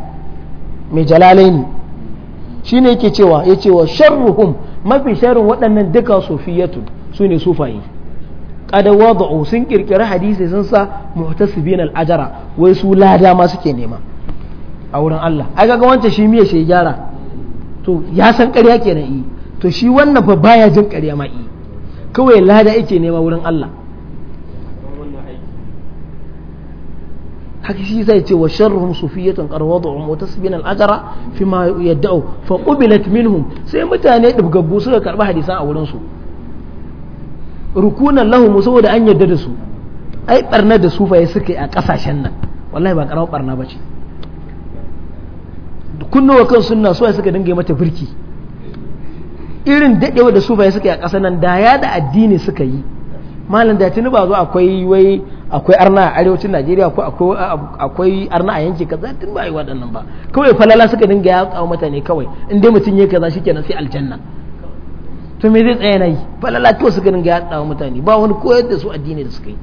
mai jalalaini shi ne yake cewa ya ce wa sharruhum mafi sharrin waɗannan duka sufiyatu su ne sufayi kada wadu sun kirkiri hadisi sun sa muhtasibin al'ajara wai su lada ma suke nema a wurin Allah ai kaga wancan shi miye shi gyara to ya san ƙarya kenan yi to shi wannan fa baya jin ƙarya ma yi kawai lada yake nema wurin Allah haka shi zai ce wa sharrum sufiyatan qarwadu um tasbin al-ajra fi ma yad'u fa qubilat minhum sai mutane dubgaggu suka karba hadisan a wurin su rukunan lahum saboda an yadda da su ai barna da sufaye suka yi a kasashen nan wallahi ba karamar barna ce. kunnowa kan sunna suwa suka dinga mata birki irin daɗewa da su bai suka yi a ƙasa nan da ya da addini suka yi malam da tuni ba zo akwai wai akwai arna a arewacin najeriya ko akwai arna a yanki kaza tun ba yi waɗannan ba kawai falala suka dinga ya tsawo mutane kawai in dai mutum ya kaza shikenan sai aljanna to me zai tsaya na yi falala kawai suka dinga ya tsawo mutane ba wani koyar da su addini da suka yi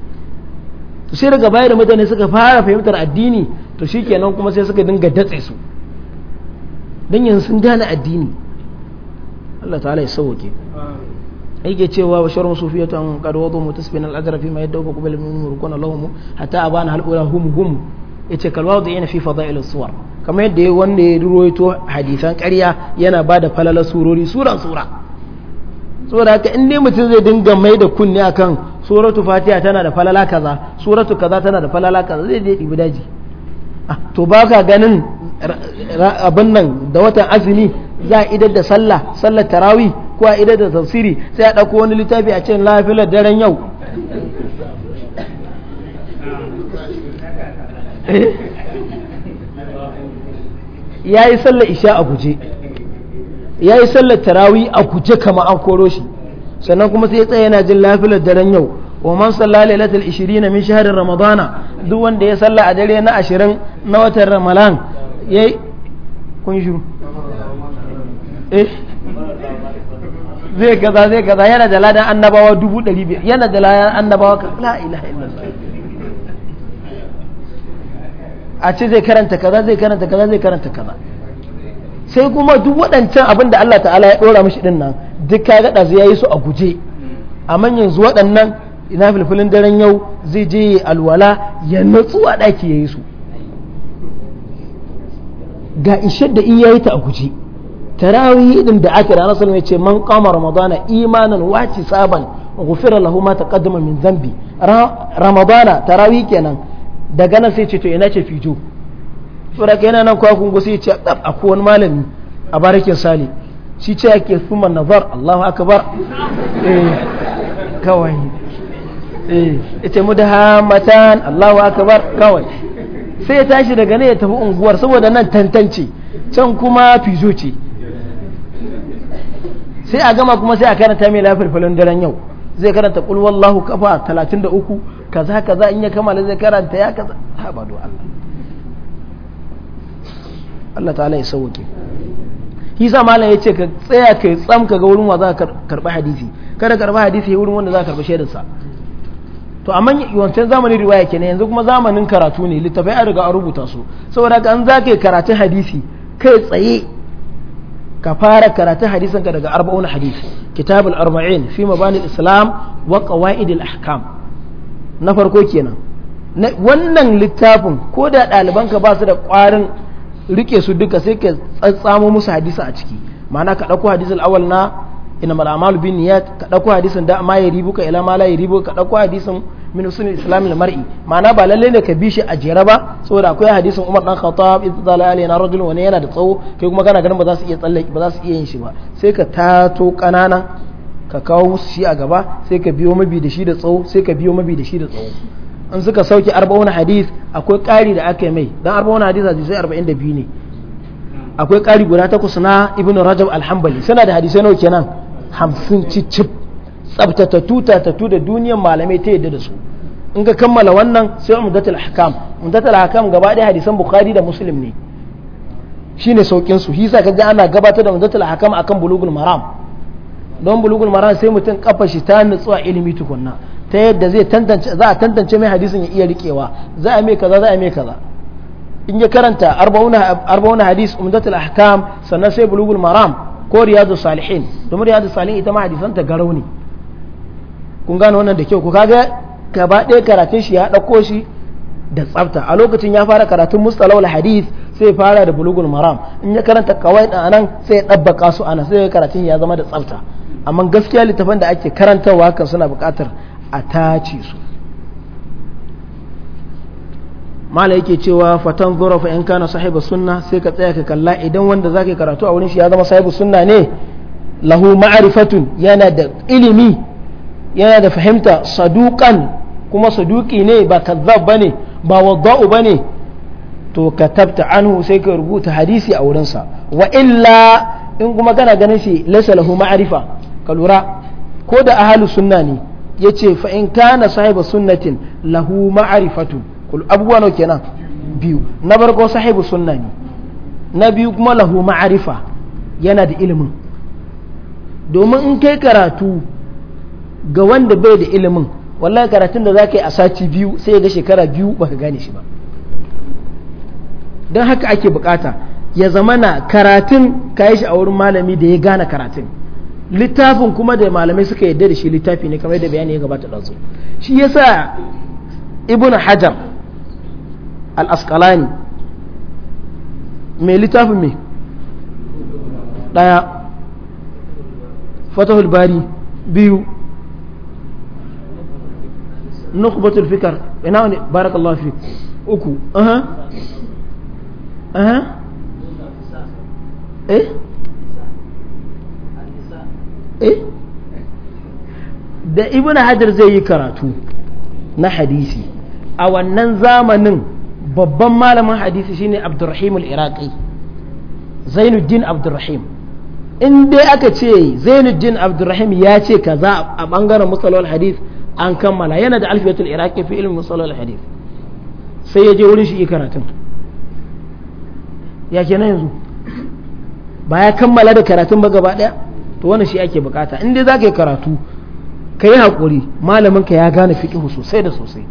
to sai daga baya da mutane suka fara fahimtar addini to shikenan kuma sai suka dinga datse su dan yanzu sun gane addini Allah ta'ala ya sauke yake cewa wa sharru sufiyatan qad wadu mutasbina al-ajra yadda yadawku qabla min yurkuna lahum hatta abana al-ula hum hum yace kalwa da yana fi fadail suwar kamar yadda wanda ya ruwaito hadisan ƙarya yana ba da falalar surori suran sura saboda haka in dai mutum zai dinga mai da kunne akan suratu fatiha tana da falala kaza suratu kaza tana da falala kaza zai je ibi daji ah, to baka ganin abin nan da watan azumi za a idar da sallah sallar tarawih ko a idar da tafsiri sai a ɗauko wani littafi a cikin lafiyar daren yau eh? ya yi sallar isha a guje ya yi sallar tarawih a guje kama an koro shi sannan kuma sai ya na yana jin lafiyar daren yau wa صلى salla lailatul 20 min shahrin ramadana duk wanda ya salla a dare na 20 na watan yayi kun shiru eh zai gaza zai gaza yana da ladan annabawa dubu ɗari biyar yana da ladan annabawa ka la ilaha illallah a ce zai karanta kaza zai karanta kaza zai karanta kaza sai kuma duk waɗancan abin da Allah ta'ala ya ɗora mashi ɗin nan duk ka gaɗa zai yayi su a guje amma yanzu waɗannan ina filfilin daren yau zai je alwala ya natsu a ɗaki ya yi su ga ishar da in yayi ta a guji tarawih din da aka rana sallallahu ya ce man qama ramadana imanan wa tisaban ghufira lahu ma taqaddama min dhanbi ramadana tarawih kenan daga nan sai ce to ina ce fijo tsura kenan nan kwa kun go sai ce dab akwai wani malami a barakin sali shi ce yake suma nazar Allahu akbar eh kawai eh ita mudhamatan Allahu akbar kawai sai ya tashi daga ne ya tafi unguwar saboda nan tantance can kuma fizo ce sai a gama kuma sai a karanta mai falon daren yau zai karanta kul wallahu kafa 33 kaza kaza in ya kamala zai karanta ya kaza ha ba do Allah Allah ta'ala ya sauke hisa malam ce ka tsaya kai tsam ka ga wurin wa za ka karba hadisi kada karba hadisi wurin wanda za ka karba shaidar sa to amma wancan zamanin riwaya kenan yanzu kuma zamanin karatu ne littafai an riga an rubuta su saboda ka an zaka yi karatun hadisi kai tsaye ka fara karatun hadisanka daga arba'un hadis kitab arbain fi mabani islam wa qawaid ahkam na farko kenan wannan littafin ko da ɗaliban ka ba su da ƙwarin rike su duka sai ka tsatsamo musu hadisi a ciki ma'ana ka ɗauko hadisul awal na mal a'malu bin niyyat ka dauko hadisin da ma yaribuka ila ma la ribu ka dauko hadisin min usul islam al mar'i ma'ana ba lalle ne ka bi shi a jere ba saboda akwai hadisin Umar dan Khattab idza zala alayna rajul wa yana da tsawo kai kuma kana ganin ba za su iya tsalle ba za su iya yin shi ba sai ka tato kanana ka kawo shi a gaba sai ka biyo mabi da shi da tsawo sai ka biyo mabi da shi da tsawo in suka sauke arba'un hadis akwai ƙari da aka mai dan arba'un hadis hadisai 42 ne akwai ƙari guda takwas na ibnu rajab al-hanbali suna da hadisai nawa kenan hamsin cicip tsabtatattu tatattu da duniyar malamai ta yadda da su in ka kammala wannan sai umdatul ahkam umdatul ahkam gaba ɗaya hadisan bukhari da muslim ne shine saukin su hisa kaga ana gabatar da umdatul ahkam akan bulugul maram don bulugul maram sai mutum kafa shi ta nutsuwa ilimi tukunna ta yadda zai tantance za a tantance mai hadisin ya iya rikewa za a mai kaza za a mai kaza in ya karanta arba'una hadis umdatul ahkam sannan sai bulugul maram ko riyadu salihin domin riyadu salihin ita ma hadisan garau ne kun gane wannan da kyau ku kaga gaba ɗaya karatun shi ya ɗauko shi da tsafta a lokacin ya fara karatun mustalawul hadis sai fara da bulugul maram in ya karanta kawai da anan sai ya dabbaka su ana sai karatun ya zama da tsafta amma gaskiya littafan da ake karantawa kan suna buƙatar a tace su mala yake cewa fatan zura fa in kana sahiba sunna sai ka tsaya ka kalla idan wanda zaka karatu a wurin shi ya zama sahibu sunna ne lahu ma'rifatun yana da ilimi yana da fahimta saduqan kuma saduƙi ne ba kazzab bane ba wadda'u bane to ka tabta anhu sai ka rubuta hadisi a wurinsa wa illa in kuma kana ganin shi laysa lahu ma'rifa ka lura ko da ahlus sunna ne yace fa in kana sahiba sunnatin lahu ma'rifatun abubuwa nawa kenan biyu na barko sahibu sunna ne na biyu kuma lahu ma'arifa yana da ilimin domin in kai karatu ga wanda bai da ilimin wallahi karatun da za ka yi a sati biyu sai ga shekara biyu baka gane shi ba don haka ake bukata ya zama na karatun ka yi shi a wurin malami da ya gane karatun littafin kuma da malamai suka yarda da shi littafi ne kamar da bayani ya gabata ɗazu shi yasa ibn hajar al-asqalani mai littafin mai ɗaya fatahul bari biyu nukbatul fikar ina wani barakallahu fi uku aha aha eh eh da ibn hajar zai yi karatu na hadisi a wannan zamanin babban malamin hadisi shine abdurrahim al-iraqi zainuddin abdurrahim in dai aka ce zainuddin abdurrahim ya ce kaza a bangaren musalol hadith an kammala yana da alfiyatul iraqi fi ilmin musalol hadith sai ya je wurin shi karatun ya ke na yanzu ba ya kammala da karatun ba gaba daya to wannan shi ake bukata in dai za ka yi karatu ka yi haƙuri malamin ka ya gane fiƙihu sosai da sosai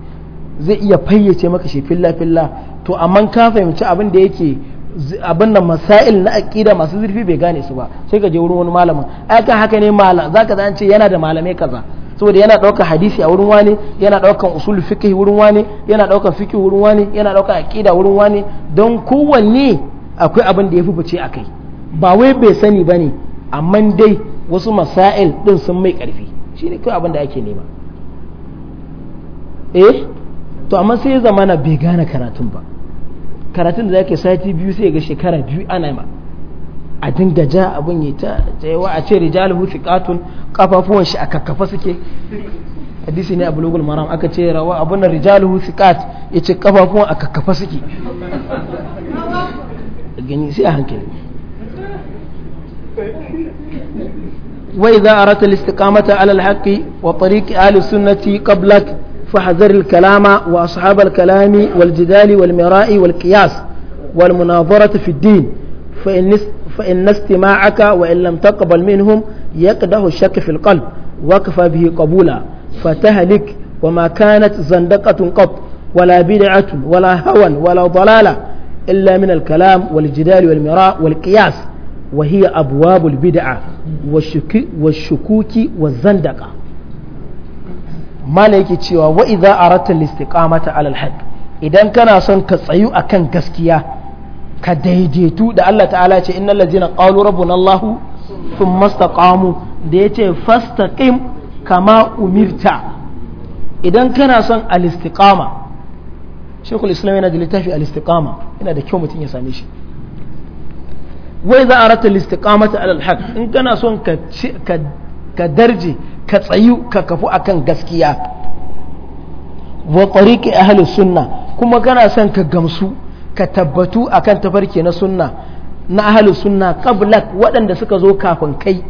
zai iya fayyace maka shi filla filla to amma ka fahimci abin da yake abin nan masail na aqida masu zurfi bai gane su ba sai ka je wurin wani malamin ai kan haka ne malam zaka da ce yana da malamai kaza saboda yana ɗaukar hadisi a wurin wani yana ɗaukar usul fiqh wurin wani yana ɗaukar fiqh wurin wani yana ɗaukar aqida wurin wani don kowanne akwai abin da ya fi fice akai ba wai bai sani bane amma dai wasu masail din sun mai karfi shine kai abin da ake nema eh to amma sai ya zamana bai gane karatun ba karatun da zaka sati biyu sai ga shekara biyu ana ma a dinga ja abun yi ta tsayawa a ce rijalu hutu katun kafafuwan shi a kakkafa suke hadisi ne a bulugul maram aka ce rawa abun da rijal hutu kat ya ce kafafuwan a kakkafa suke gani sai a hankali wai za a rata ala alal haqqi wa tariqi ahli sunnati qablak فاحذر الكلام وأصحاب الكلام والجدال والمراء والقياس والمناظرة في الدين فإن, فإن استماعك وإن لم تقبل منهم يقده الشك في القلب وكفى به قبولا فتهلك وما كانت زندقة قط ولا بدعة ولا هوى ولا ضلالة إلا من الكلام والجدال والمراء والقياس وهي أبواب البدعة والشكوك والزندقة mala yake cewa wa idza aratta listiqamata alal haq idan kana son ka tsayu akan gaskiya ka daidaitu da Allah ta'ala ce innal ladzina qalu rabbuna Allahu thumma istaqamu da yace fastaqim kama umirta idan kana son al-istiqama Sheikhul Islam yana da littafi al-istiqama yana da kyau mutum ya same shi wai za a rata listiqamata alal haq in kana son ka ka darje ka tsayu ka kafu akan gaskiya wa tariqi ahli sunna kuma kana son ka gamsu ka tabbatu akan tafarki na sunna na ahli sunna qablak waɗanda suka zo kafin kai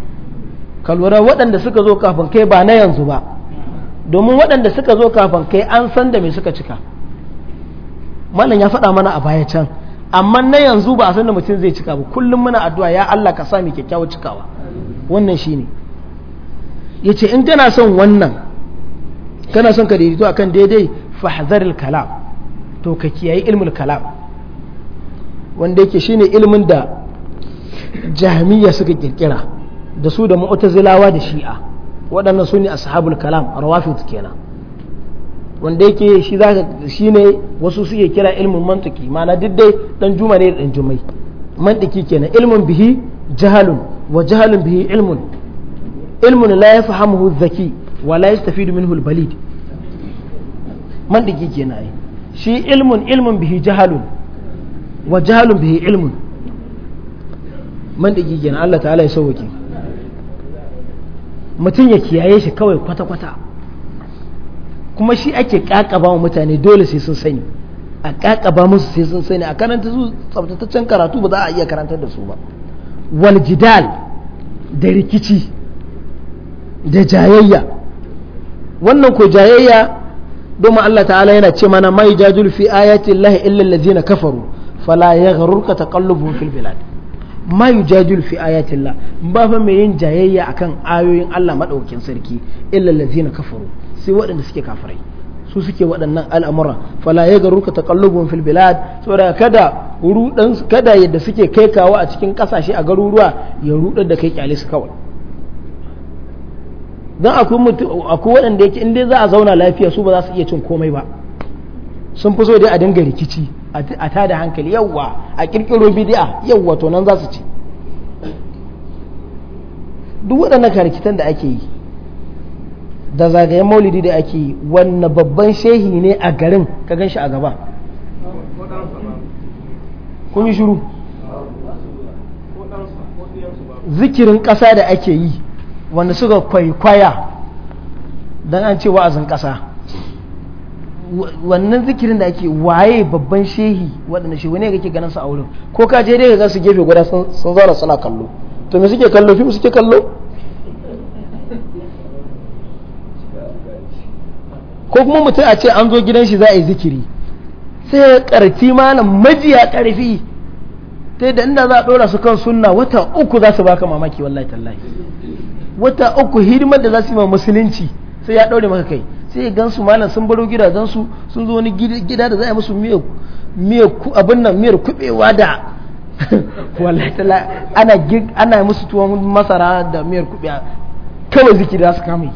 ka lura waɗanda suka zo kafin kai ba na yanzu ba domin waɗanda suka zo kafin kai an san da me suka cika malam ya faɗa mana a baya can amma na yanzu ba a san da mutum zai cika ba kullum muna addu'a ya Allah ka sa mu kyakkyawar cikawa wannan shine ya ce in kana son wannan kana son ka daidaito akan daidai fahazaril kalam to ka kiyaye ilmul kalam wanda yake shine ilmin da jahmiya suka kirkira da su da mu'tazilawa da shi'a waɗannan su ne ashabul kalam a rawafid kenan wanda yake shi shi ne wasu suke kira ilmin mantuki ma'ana duk dai dan juma ne dan jumai mantuki kenan ilmin bihi jahalun wa jahalun bihi ilmun ilmun la yafhamuhu zaki wa la yastafidu minhu al-balid man dake kenan ai shi ilmun ilmun bihi jahalun wa jahalun bihi ilmun man dake kenan Allah ta'ala ya sauke mutum ya kiyaye shi kawai kwata-kwata kuma shi ake kakaba wa mutane dole sai sun sani a kakaba musu sai sun sani a karanta su tsabtataccen karatu ba za a iya karantar da su ba wal jidal da rikici da jayayya wannan ko jayayya domin Allah ta'ala yana ce mana mai jajul fi ayati Allah illa allazina kafaru fala yaghrurka taqallubuhum fil bilad ma yujadil fi ayati la ba fa mai yin jayayya akan ayoyin Allah madaukakin sarki illa allazina kafaru sai waɗanda suke kafirai su suke waɗannan al'amura fala yaghrurka taqallubuhum fil bilad saboda kada rudan kada yadda suke kai kawo a cikin ƙasashe a garuruwa ya rudar da kai kyale kawai don akwai waɗanda yake inda za a zauna lafiya su ba za su iya cin komai ba sun fi so dai a dinga rikici a tada hankali yawwa a kirkiro bidi'a yawwa to nan za su ci duk waɗannan karikitan da ake yi da zagayen maulidi da ake yi wanne babban shehi ne a garin ka gan shi a gaba zikirin ƙasa da ake yi wanda suka kwaikwaya don an ce wa'azin ƙasa wannan zikirin da ake waye babban shehi waɗanda shehu ne kake ganin su a wurin ko ka je dai ga su gefe guda sun zauna suna kallo to me suke kallo fim suke kallo ko kuma mutum a ce an zo gidan shi za a yi zikiri sai karfi malam majiya karfi ta da inda za a ɗora su kan sunna wata uku za su baka mamaki wallahi tallahi wata uku hidimar da za su yi ma musulunci sai ya ɗaure maka kai sai gan su malam sun baro gidajensu sun zo wani gida da za a musu miyar abin nan miyar kubewa da wallahi ana ana musu tuwon masara da miyar kubewa kawai zikiri za su kama yi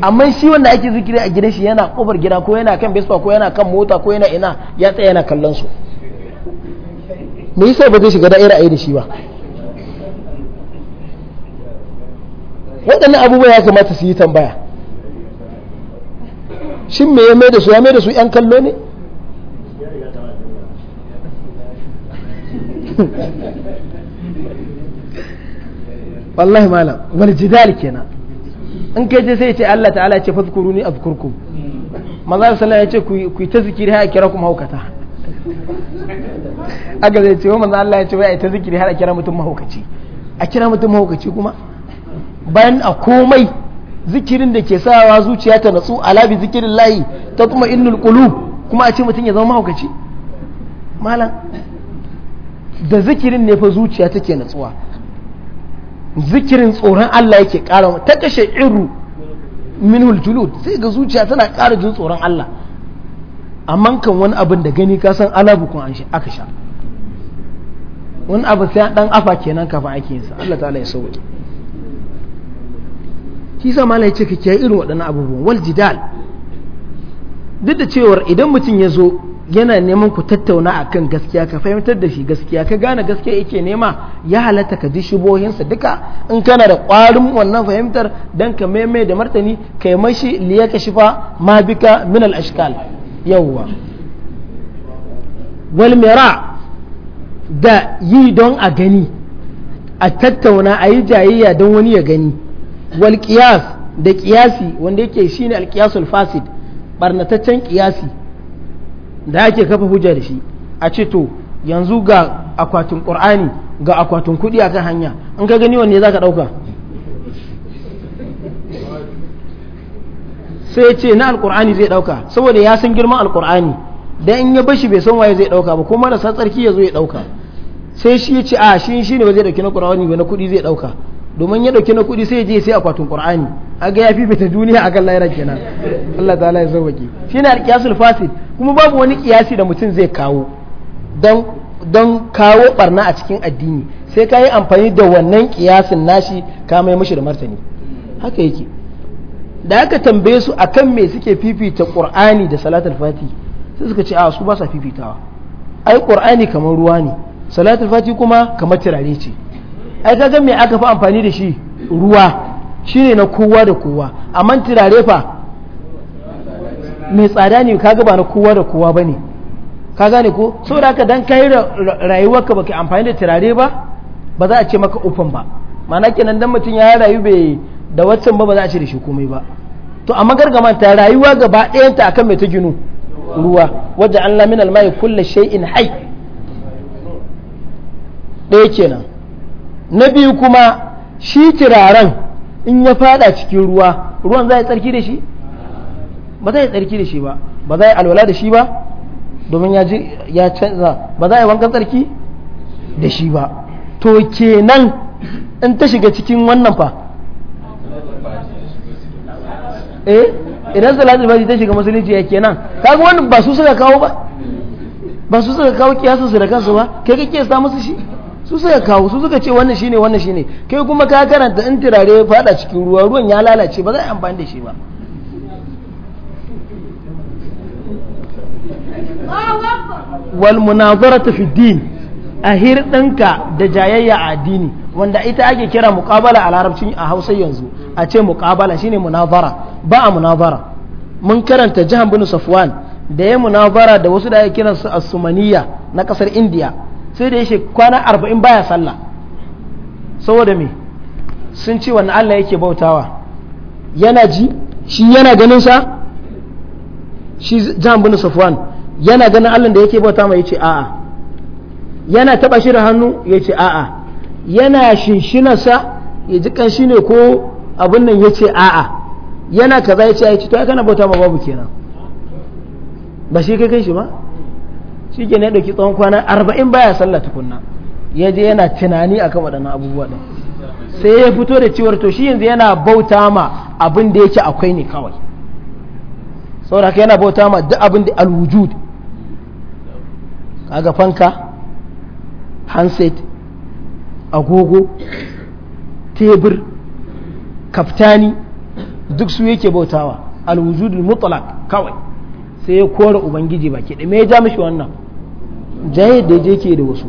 amma shi wanda ake zikiri a gidan shi yana kofar gida ko yana kan baseball ko yana kan mota ko yana ina ya tsaya yana kallon su me yasa ba zai shiga da'ira ayi da shi ba waɗannan abubuwa ya kamata su yi tambaya shin me ya maida da su ya maida da su 'yan kallo ne wallahi malam wal jidal kenan in kai je sai ya ce Allah ta'ala ya ce a azkurkum maza sallallahu ya ce ku yi ta zikiri har kira kuma haukata aka zai ce wa maza Allah ya ce wai ta zikiri har kira mutum mahaukaci a kira mutum mahaukaci kuma bayan a komai zikirin da ke sawa zuciya ta natsu ala bi zikirin layi ta kuma innul qulub kuma a ce mutum ya zama mahaukaci malam da zikirin ne fa zuciya take natsuwa zikirin tsoron Allah yake ƙara ta kashe iru minhul julud sai ga zuciya tana ƙara jin tsoron Allah amma kan wani abin da gani ka san alabu kun an aka sha wani abu sai dan afa kenan kafin ake yin sa Allah ta'ala ya sauke shi sa ma ce ka kiyaye irin waɗannan abubuwan wal jidal duk da cewar idan mutum ya zo yana neman ku tattauna a kan gaskiya ka fahimtar da shi gaskiya ka gane gaskiya yake nema ya halatta ka ji shubohinsa duka in kana da ƙwarin wannan fahimtar don ka maimai da martani ka yi mashi ka shifa ma bika min al'ashikal yawwa wal da yi don a gani a tattauna a yi jayayya don wani ya gani wal da qiyasi wanda yake shine al fasid barnataccen qiyasi da ake kafa hujja da shi a ce to yanzu ga akwatin qur'ani ga akwatin kudi akan hanya an ka gani wanne zaka dauka sai ce na alkur'ani zai dauka saboda ya san girman alkur'ani dan in ya bashi bai san waye zai dauka ba kuma marasa tsarki ya zo ya dauka sai shi ya ce a shi shi ba zai dauki na qur'ani ba na kudi zai dauka domin ya dauki na kudi sai ya je sai akwatin qur'ani aga ya fifita duniya a kan lahira kenan Allah ta'ala ya zawaki shine alqiyasul fasid kuma babu wani kiyasi da mutum zai kawo don kawo barna a cikin addini sai ka yi amfani da wannan kiyasin nashi ka mai mashi da martani haka yake da aka tambaye su akan me suke fifita qur'ani da salatul fati sai suka ce a su ba sa fifitawa ai qur'ani kamar ruwa ne salatul fati kuma kamar turare ce ai kaga me aka fi amfani da shi ruwa shi ne na kowa da kowa amma turare fa mai tsada ne kaga ba na kowa da kowa ba ne? ka gane ko sau da aka dan kai rayuwarka ka amfani da tirare ba ba za a ce maka ufan ba ma'ana kenan dan mutum ya rayu bai da waccan ba ba za a ce da shi komai ba to amma ta rayuwa gaba ɗayanta akan mai ta ginu ruwa wadda an laminar mai kulle shay'in hai ɗaya kenan na biyu kuma shi turaren in ya fada cikin ruwa ruwan za yi tsarki da shi ba za yi tsarki da shi ba ba za yi alwala da shi ba domin ya ya canza ba za yi wanka tsarki da shi ba to kenan in ta shiga cikin wannan fa eh idan salatul fati ta shiga musulunci ya kenan kaga wannan ba su suka kawo ba ba su suka kawo kiyasu su da kansu ba kai kake sa musu shi su suka kawo su suka ce wannan shine wannan shine kai kuma ka karanta in turare ya fada cikin ruwa ruwan ya lalace ba za a amfani da shi ba wal munazaratu fi din a hirɗinka da jayayya a addini wanda ita ake kira muqabala a larabcin a Hausa yanzu a ce muqabala shine munazara ba a munazara mun karanta jihar bin safwan da ya munazara da wasu da ake kiransu a sumaniya na kasar indiya sai da yake kwana arba'in baya sallah saboda me sun ce wani Allah yake bautawa yana ji shi yana ganin sa shi jan bin Safwan yana ganin Allah da yake bauta mai yace a'a yana taba shi da hannu yace a'a yana shinshina sa ya ji kanshi ne ko abun nan yace a'a yana kaza yace ai to kana bauta ma babu kenan ba shi kai kai shi ba shi ke ne ɗauki tsawon kwana arba'in baya sallah tukunna ya je yana tunani akan waɗannan abubuwa ɗin sai ya fito da cewar to shi yanzu yana bauta ma abin da yake akwai ne kawai saboda yana bauta ma duk abin da alwujud kaga fanka hanset agogo tebur kaftani duk su yake bautawa alwujud mutlaq kawai sai ya kore ubangiji baki da me ya ja mishi wannan jaye da je ke da wasu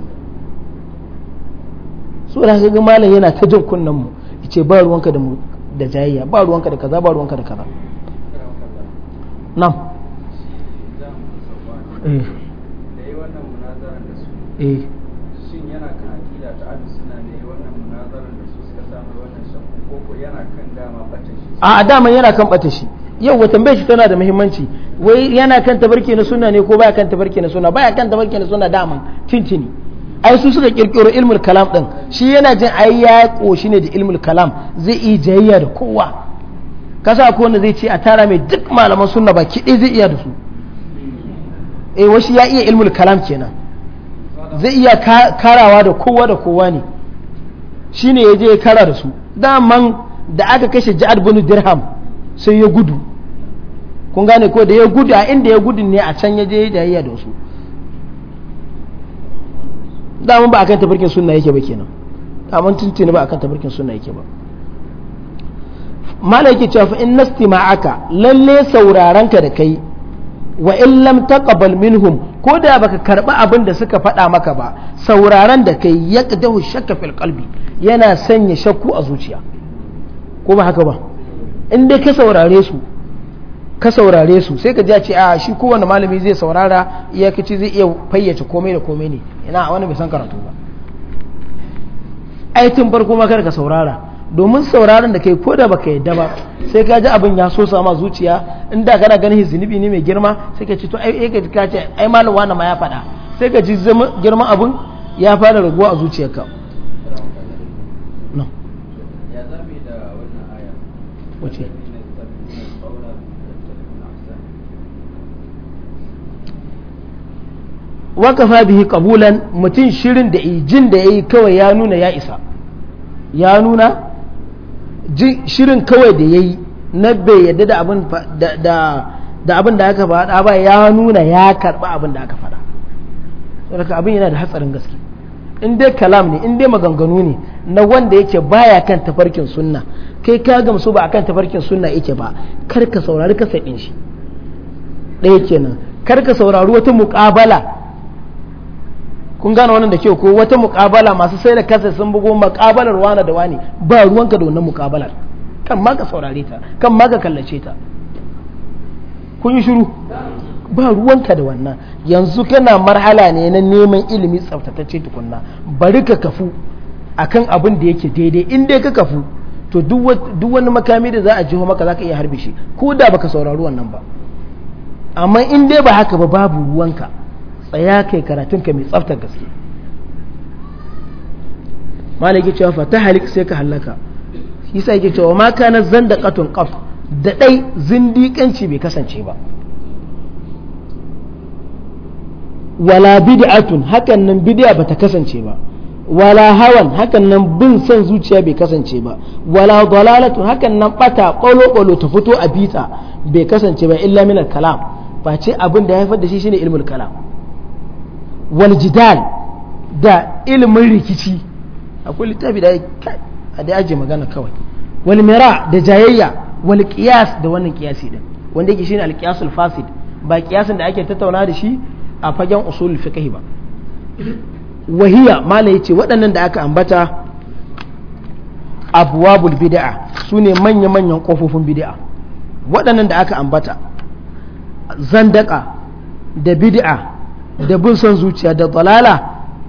su da kaga malam yana ta jin kunnan mu yace ba ruwanka da da jayayya ba ruwanka da kaza ba ruwanka da kaza nan eh, eh. da kan a dama yana kan bata shi yau wa tambaye shi tana da muhimmanci wai yana kan tabarki na suna ne ko baya kan tabarki na suna baya kan tabarki na suna daman tintini ai su suka kirkiro ilmul kalam din shi yana jin ai ya koshi ne da ilmul kalam zai iya jayayya da kowa kasa ko wanda zai ce a tara mai duk malaman sunna ba kidi zai iya da su eh wasu ya iya ilmul kalam kenan zai iya karawa da kowa da kowa ne shine ya je ya kara da su daman da aka kashe ja'ad bin dirham sai ya gudu kun gane ko da ya gudu a inda ya gudu ne a can ya je da jayayya da wasu damun ba akan tafarkin sunna yake ba kenan damun tuntuni ba akan tafarkin sunna yake ba mala yake cewa fa in nastima'aka lalle sauraron ka da kai wa in lam taqbal minhum ko da baka karba abin da suka faɗa maka ba sauraron da kai ya kadahu shakka fil qalbi yana sanya shakku a zuciya ko ba haka ba in dai ka saurare su ka saurare su sai ka ji ce a ah, shi kowane malami zai saurara iyakaci zai iya fayyace komai da komai ne ina wani bai san karatu ba ai tun farko ma ka saurara domin sauraron da kai koda baka yadda ba sai ka ji abin ya so sama zuciya inda kana ganin zunubi ne mai girma sai ka ci to ai ka ce ai malam wannan ma ya faɗa sai ka ji girma abin ya fara raguwa a zuciyarka wace wakafa bihi qabulan mutum shirin da jin da yayi kawai ya nuna ya isa ya nuna shirin kawai da yayi na bai yadda da abin da da abin da aka faɗa ba ya nuna ya karɓa abin da aka faɗa saboda abin yana da hatsarin gaske in dai kalam ne in dai maganganu ne na wanda yake baya kan tafarkin sunna kai ka gamsu ba akan tafarkin sunna yake ba kar ka saurari ka ɗin shi ɗaya kenan kar ka saurari wata muƙabala kun gane wannan da kyau ko wata mukabala masu sai da kasa sun bugo mukabalar wani da wani ba ruwanka da wannan mukabalar kan ma ka saurare ta kan ma ka kallace ta kun yi shiru ba ruwanka da wannan yanzu kana marhala ne na neman ilimi tsaftatacce tukunna bari ka kafu akan abin da yake daidai in dai ka kafu to duk wani makami da za a jiho maka za ka iya harbe shi ko da baka saurari wannan ba amma in dai ba haka ba babu ruwanka tsaya kai karatun ka mai tsaftar gaske malaki cewa fa ta halik sai ka halaka yasa yake cewa ma kana zandaqatun qaf da dai zindikanci bai kasance ba wala bid'atun hakan nan bid'a bata kasance ba wala hawan hakan nan bin son zuciya bai kasance ba wala dalalatu hakan nan bata kolo kolo ta fito a bita bai kasance ba illa al kalam face abin da ya haifar da shi shine ilmul kalam waljidal da ilimin rikici akwai littafi da a da aje magana kawai Walmira da jayayya wal qiyas da wannan qiyasi din wanda yake shine al qiyasul fasid ba qiyasin da ake tattauna da shi a fagen usulul fiqh ba wahiya mala yace waɗannan da aka ambata abwabul bid'a sune manya manyan kofofin bid'a waɗannan da aka ambata zandaka da bid'a da bin son zuciya da dalala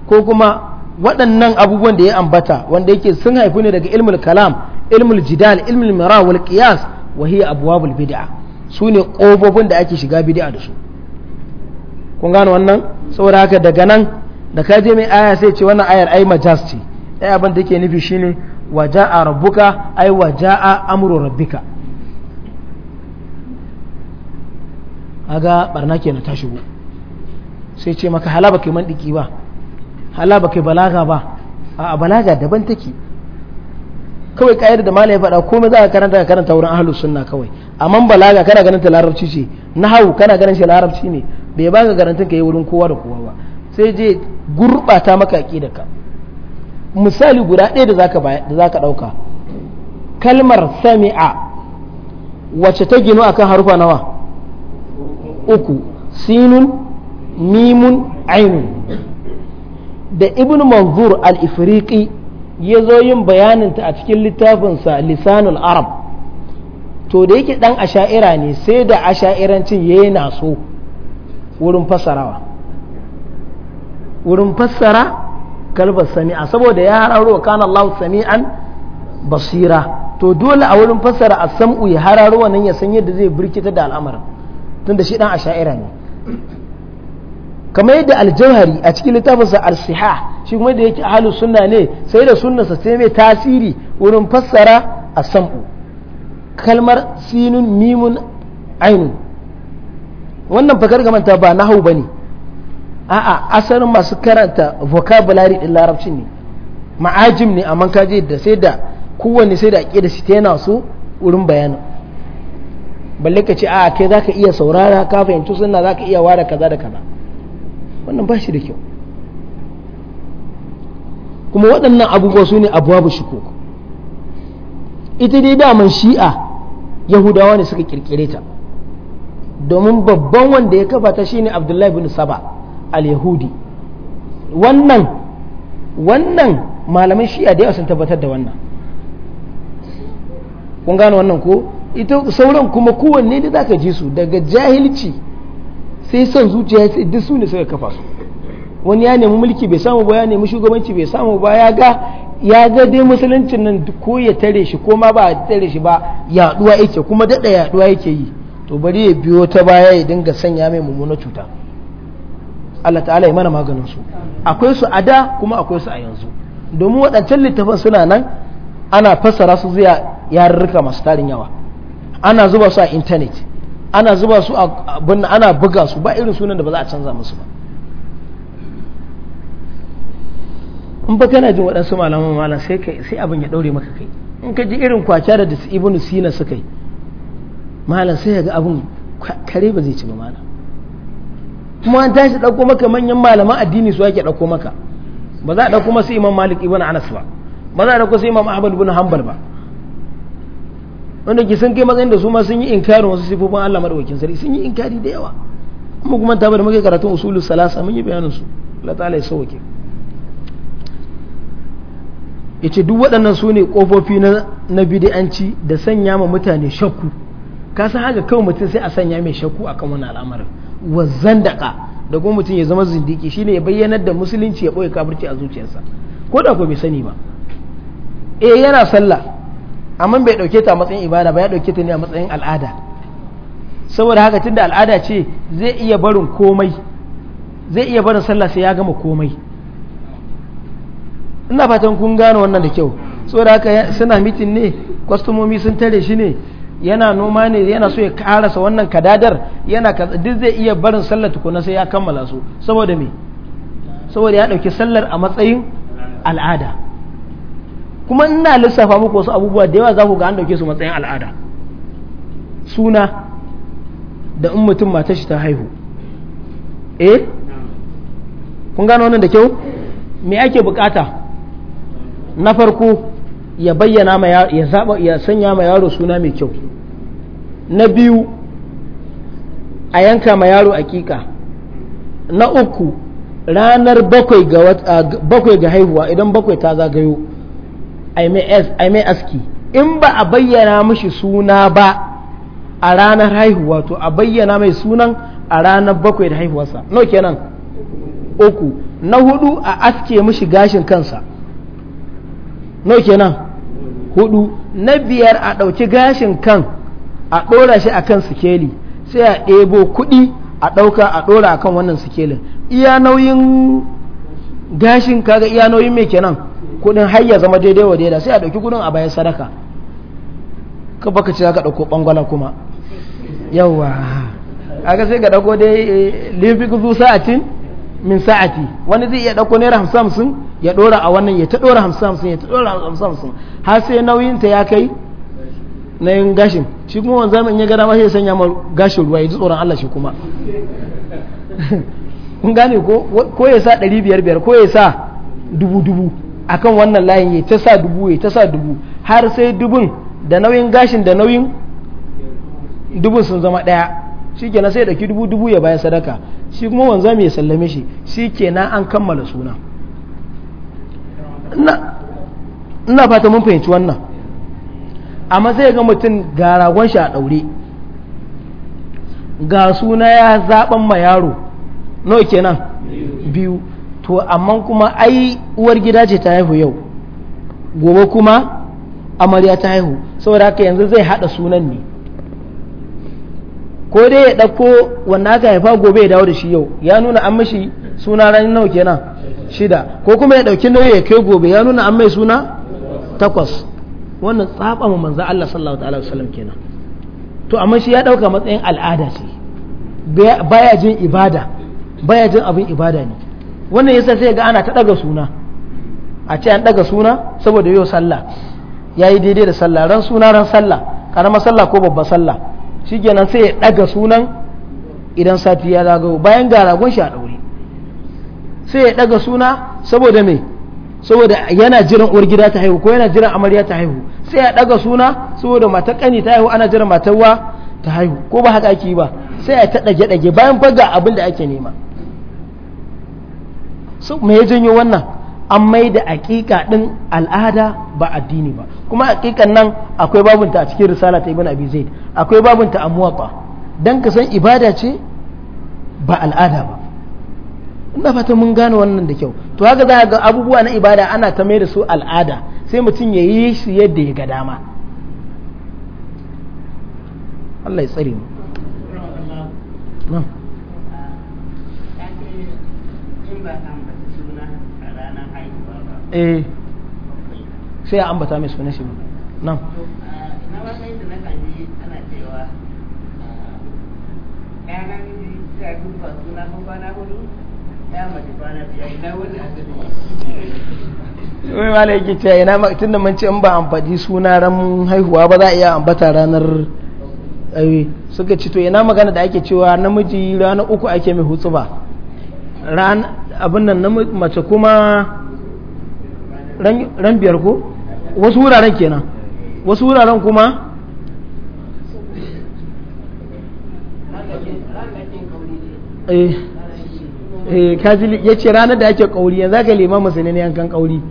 ko kuma waɗannan abubuwan da ya ambata wanda yake sun haifu ne daga ilmul kalam ilmul jidal ilmul mara wal qiyas wa hiya abwabul bid'a su ne ƙofofin da ake shiga bid'a da su kun gano wannan saboda haka daga nan da ka je mai aya sai ce wannan ayar ai majas ce ai abin da yake nufi shine waja'a rabbuka ai waja'a amru rabbika kaga barna kenan ta shigo sai ce maka hala kai man diki ba hala kai balaga ba a balaga daban take kawai kayar da malai faɗa komai za ka karanta ka karanta wurin ahlus sunna kawai amma balaga kana ganin ta larabci ce nahawu kana ganin shi larabci ne bai baka garantin ka yi wurin kowa da kowa ba sai je gurbata maka aqida ka misali guda ɗaya da zaka da zaka dauka kalmar sami'a wacce ta ginu akan harufa nawa uku sinun mimun ainun da ibn manzur al-ifriqi ya zo yin bayaninta a cikin littafinsa lisanul arab to da yake dan asha'ira ne sai da asha'irancin ya yi naso wurin fassarawa wurin fassara kalbar sami'a saboda ya hararo kana Allah sami'an basira to dole a wurin fassara a sam'u ya hararo nan ya san yadda zai birkita da al'amarin tunda shi dan asha'ira ne kama yadda aljahari a cikin littafinsa al-siha shi kuma da yake ahlus sunna ne sai da sunnarsa sai mai tasiri wurin fassara as-sam'u kalmar sinun mimun ainun wannan fakar gamanta ba nahau bane a'a asalin masu karanta vocabulary din larabcin ne ma'ajim ne amma kaje da sai da kowanne sai da ake da shi yana so wurin bayanin balle ka ce a kai zaka iya saurara ka fahimci sunna zaka iya ware kaza da kaza wannan ba shi da kyau kuma waɗannan abubuwa su ne abuwa shukuk ita dai daman shi'a yahudawa ne suka kirkire ta domin babban wanda ya kafa ta ne abdullahi bin saba al-yahudi wannan wannan malaman shi'a da yawa sun tabbatar da wannan kun gane wannan ko ita sauran kuma kowanne da za ka ji su daga jahilci sai son zuciya ya duk su ne suka kafa su wani ya nemi mulki bai samu ba ya nemi shugabanci bai samu ba ya ga ya ga dai musuluncin nan ko ya tare shi ko ma ba a tare shi ba yaduwa yake kuma daɗa yaduwa yake yi to bari ya biyo ta baya ya dinga sanya mai mummuna cuta Allah ta'ala ya mana maganin su akwai su a da kuma akwai su a yanzu domin waɗancan littafin suna nan ana fassara su zuwa yarurruka masu tarin yawa ana zuba su a intanet ana zuba su a ana buga su ba irin sunan da ba za a canza musu ba in ba kana jin waɗansu malaman malam sai kai sai abin ya ɗaure maka kai in ka ji irin kwacha da da ibnu sina suka yi malam sai ya ga abin kare ba zai ci ba malam kuma an tashi ɗauko maka manyan malaman addini su ake ɗauko maka ba za a ɗauko masu imam malik ibn anas ba ba za a ɗauko su imam ahmad ibn hanbal ba wanda ke san kai matsayin da su ma sun yi inkarin wasu sifofin Allah madawakin sarki sun yi inkari da yawa kuma kuma tabar muke karatun usulul salasa mun yi bayanin su Allah ta'ala ya sauke yace duk waɗannan su ne kofofi na na bid'anci da sanya ma mutane shakku ka san haka kawai mutum sai a sanya mai shakku akan wannan al'amarin wa zandaka da kuma mutum ya zama zindiki shine ya bayyanar da musulunci ya boye kafirci a zuciyarsa ko da ko bai sani ba eh yana sallah amma bai dauke ta a matsayin ibada ba ya dauke ta ne a matsayin al'ada saboda haka tunda al'ada ce zai iya barin komai zai iya barin sallah sai ya gama komai ina fatan kun gane wannan da kyau saboda haka suna mitin ne kwastomomi sun tare shi ne yana noma ne yana so ya karasa wannan kadadar yana duk zai iya barin sallar tukuna sai ya kammala su saboda me saboda ya dauki sallar a matsayin al'ada kuma ina lissafa muku wasu abubuwa da yawa za ku ga an dauke su matsayin al'ada suna da in mutum matar shi ta haihu eh kun gano wannan da kyau me ake bukata na farko ya bayyana ma ya zaba ya sanya ma yaro suna mai kyau na biyu a yanka ma yaro akika na uku ranar bakwai ga haihuwa idan bakwai ta zagayo ai aski in ba a bayyana mishi suna ba a ranar haihuwa to a bayyana mai sunan a ranar bakwai da haihuwarsa no kenan uku na hudu a aske mishi gashin kansa no kenan hudu na biyar a ɗauki gashin kan a ɗora shi akan sikeli sai a ɗebo kuɗi a ɗauka a ɗora akan wannan sikelin iya nauyin gashin kaga iya nauyin mai kenan kudin hayya zama daidai wa daidai sai a ɗauki kudin a bayan sadaka ka baka ce ka ɗauko bangwala kuma yawa aka sai ka ɗauko dai eh, limfi guzu sa'atin min sa'ati wani zai iya ɗauko naira hamsin hamsin ya ɗora a wannan ya ta dora hamsin hamsin ya ta dora hamsin hamsin har sai nauyin ta ya kai na yin gashin shi kuma wanzu in ya gada ma sai sanya ma gashin ruwa ya ji tsoron Allah shi kuma kun gane ko ko ya sa ɗari biyar biyar ko ya sa dubu dubu akan wannan layin ya ta sa dubu ya ta sa dubu har sai dubun da nauyin gashin da nauyin dubun sun zama ɗaya shi kenan sai daki dubu dubu ya baya sadaka shi kuma wanzu ya sallame shi shi kenan an kammala suna ina fata mun fahimci wannan amma sai ga mutum ga ragon shi a daure ga suna ya zaɓan ma yaro nawa kenan biyu to amma kuma ai uwar gida ce ta haihu yau gobe kuma amarya ta haihu saboda haka yanzu zai haɗa sunan ne ko dai ya ɗauko wanda aka haifa gobe ya dawo da shi yau ya nuna an mishi suna ranar nawa kenan shida ko kuma ya ɗauki nauyi ya kai gobe ya nuna an mai suna takwas wannan tsaba mu manzo Allah sallallahu alaihi wasallam kenan to amma shi ya ɗauka matsayin al'ada ce baya jin ibada baya jin abin ibada ne wannan yasa sai ga ana ta daga suna a ce an daga suna saboda yau sallah ya yi daidai da sallah ran suna ran sallah karama sallah ko babbar sallah shi kenan sai ya daga sunan idan sati ya zagayo bayan ga ragon shi a daure sai ya daga suna saboda me saboda yana jiran uwar gida ta haihu ko yana jiran amarya ta haihu sai ya daga suna saboda matar kani ta haihu ana jiran matar ta haihu ko ba haka ake yi ba sai ya ta dage dage bayan faga abin da ake nema so me ya janyo wannan an mai da aƙiƙa ɗin al'ada ba addini ba kuma aƙiƙan nan akwai babunta a cikin risala ta ibn abi zaid akwai babunta a muwaqqa dan ka san ibada ce ba al'ada ba ina fata mun gane wannan da kyau to haka za ga abubuwa na ibada ana ta mai da su al'ada sai mutum ya yi su yadda ya ga dama Allah ya tsare mu eh sai a ambata mai sunan shi nan na ah, malai yake cewa ina tun da mun in ba amfani suna ran haihuwa ba za a iya ambata ranar aiwe eh, suka ci to ina magana da ake cewa namiji rana uku ake mai hutsu ba ran abin nan mace kuma ran biyar ko wasu wuraren kenan wasu wuraren kuma eh, eh, ya ce ranar da ake kauri yanzu aka liman masu ne yankan kauri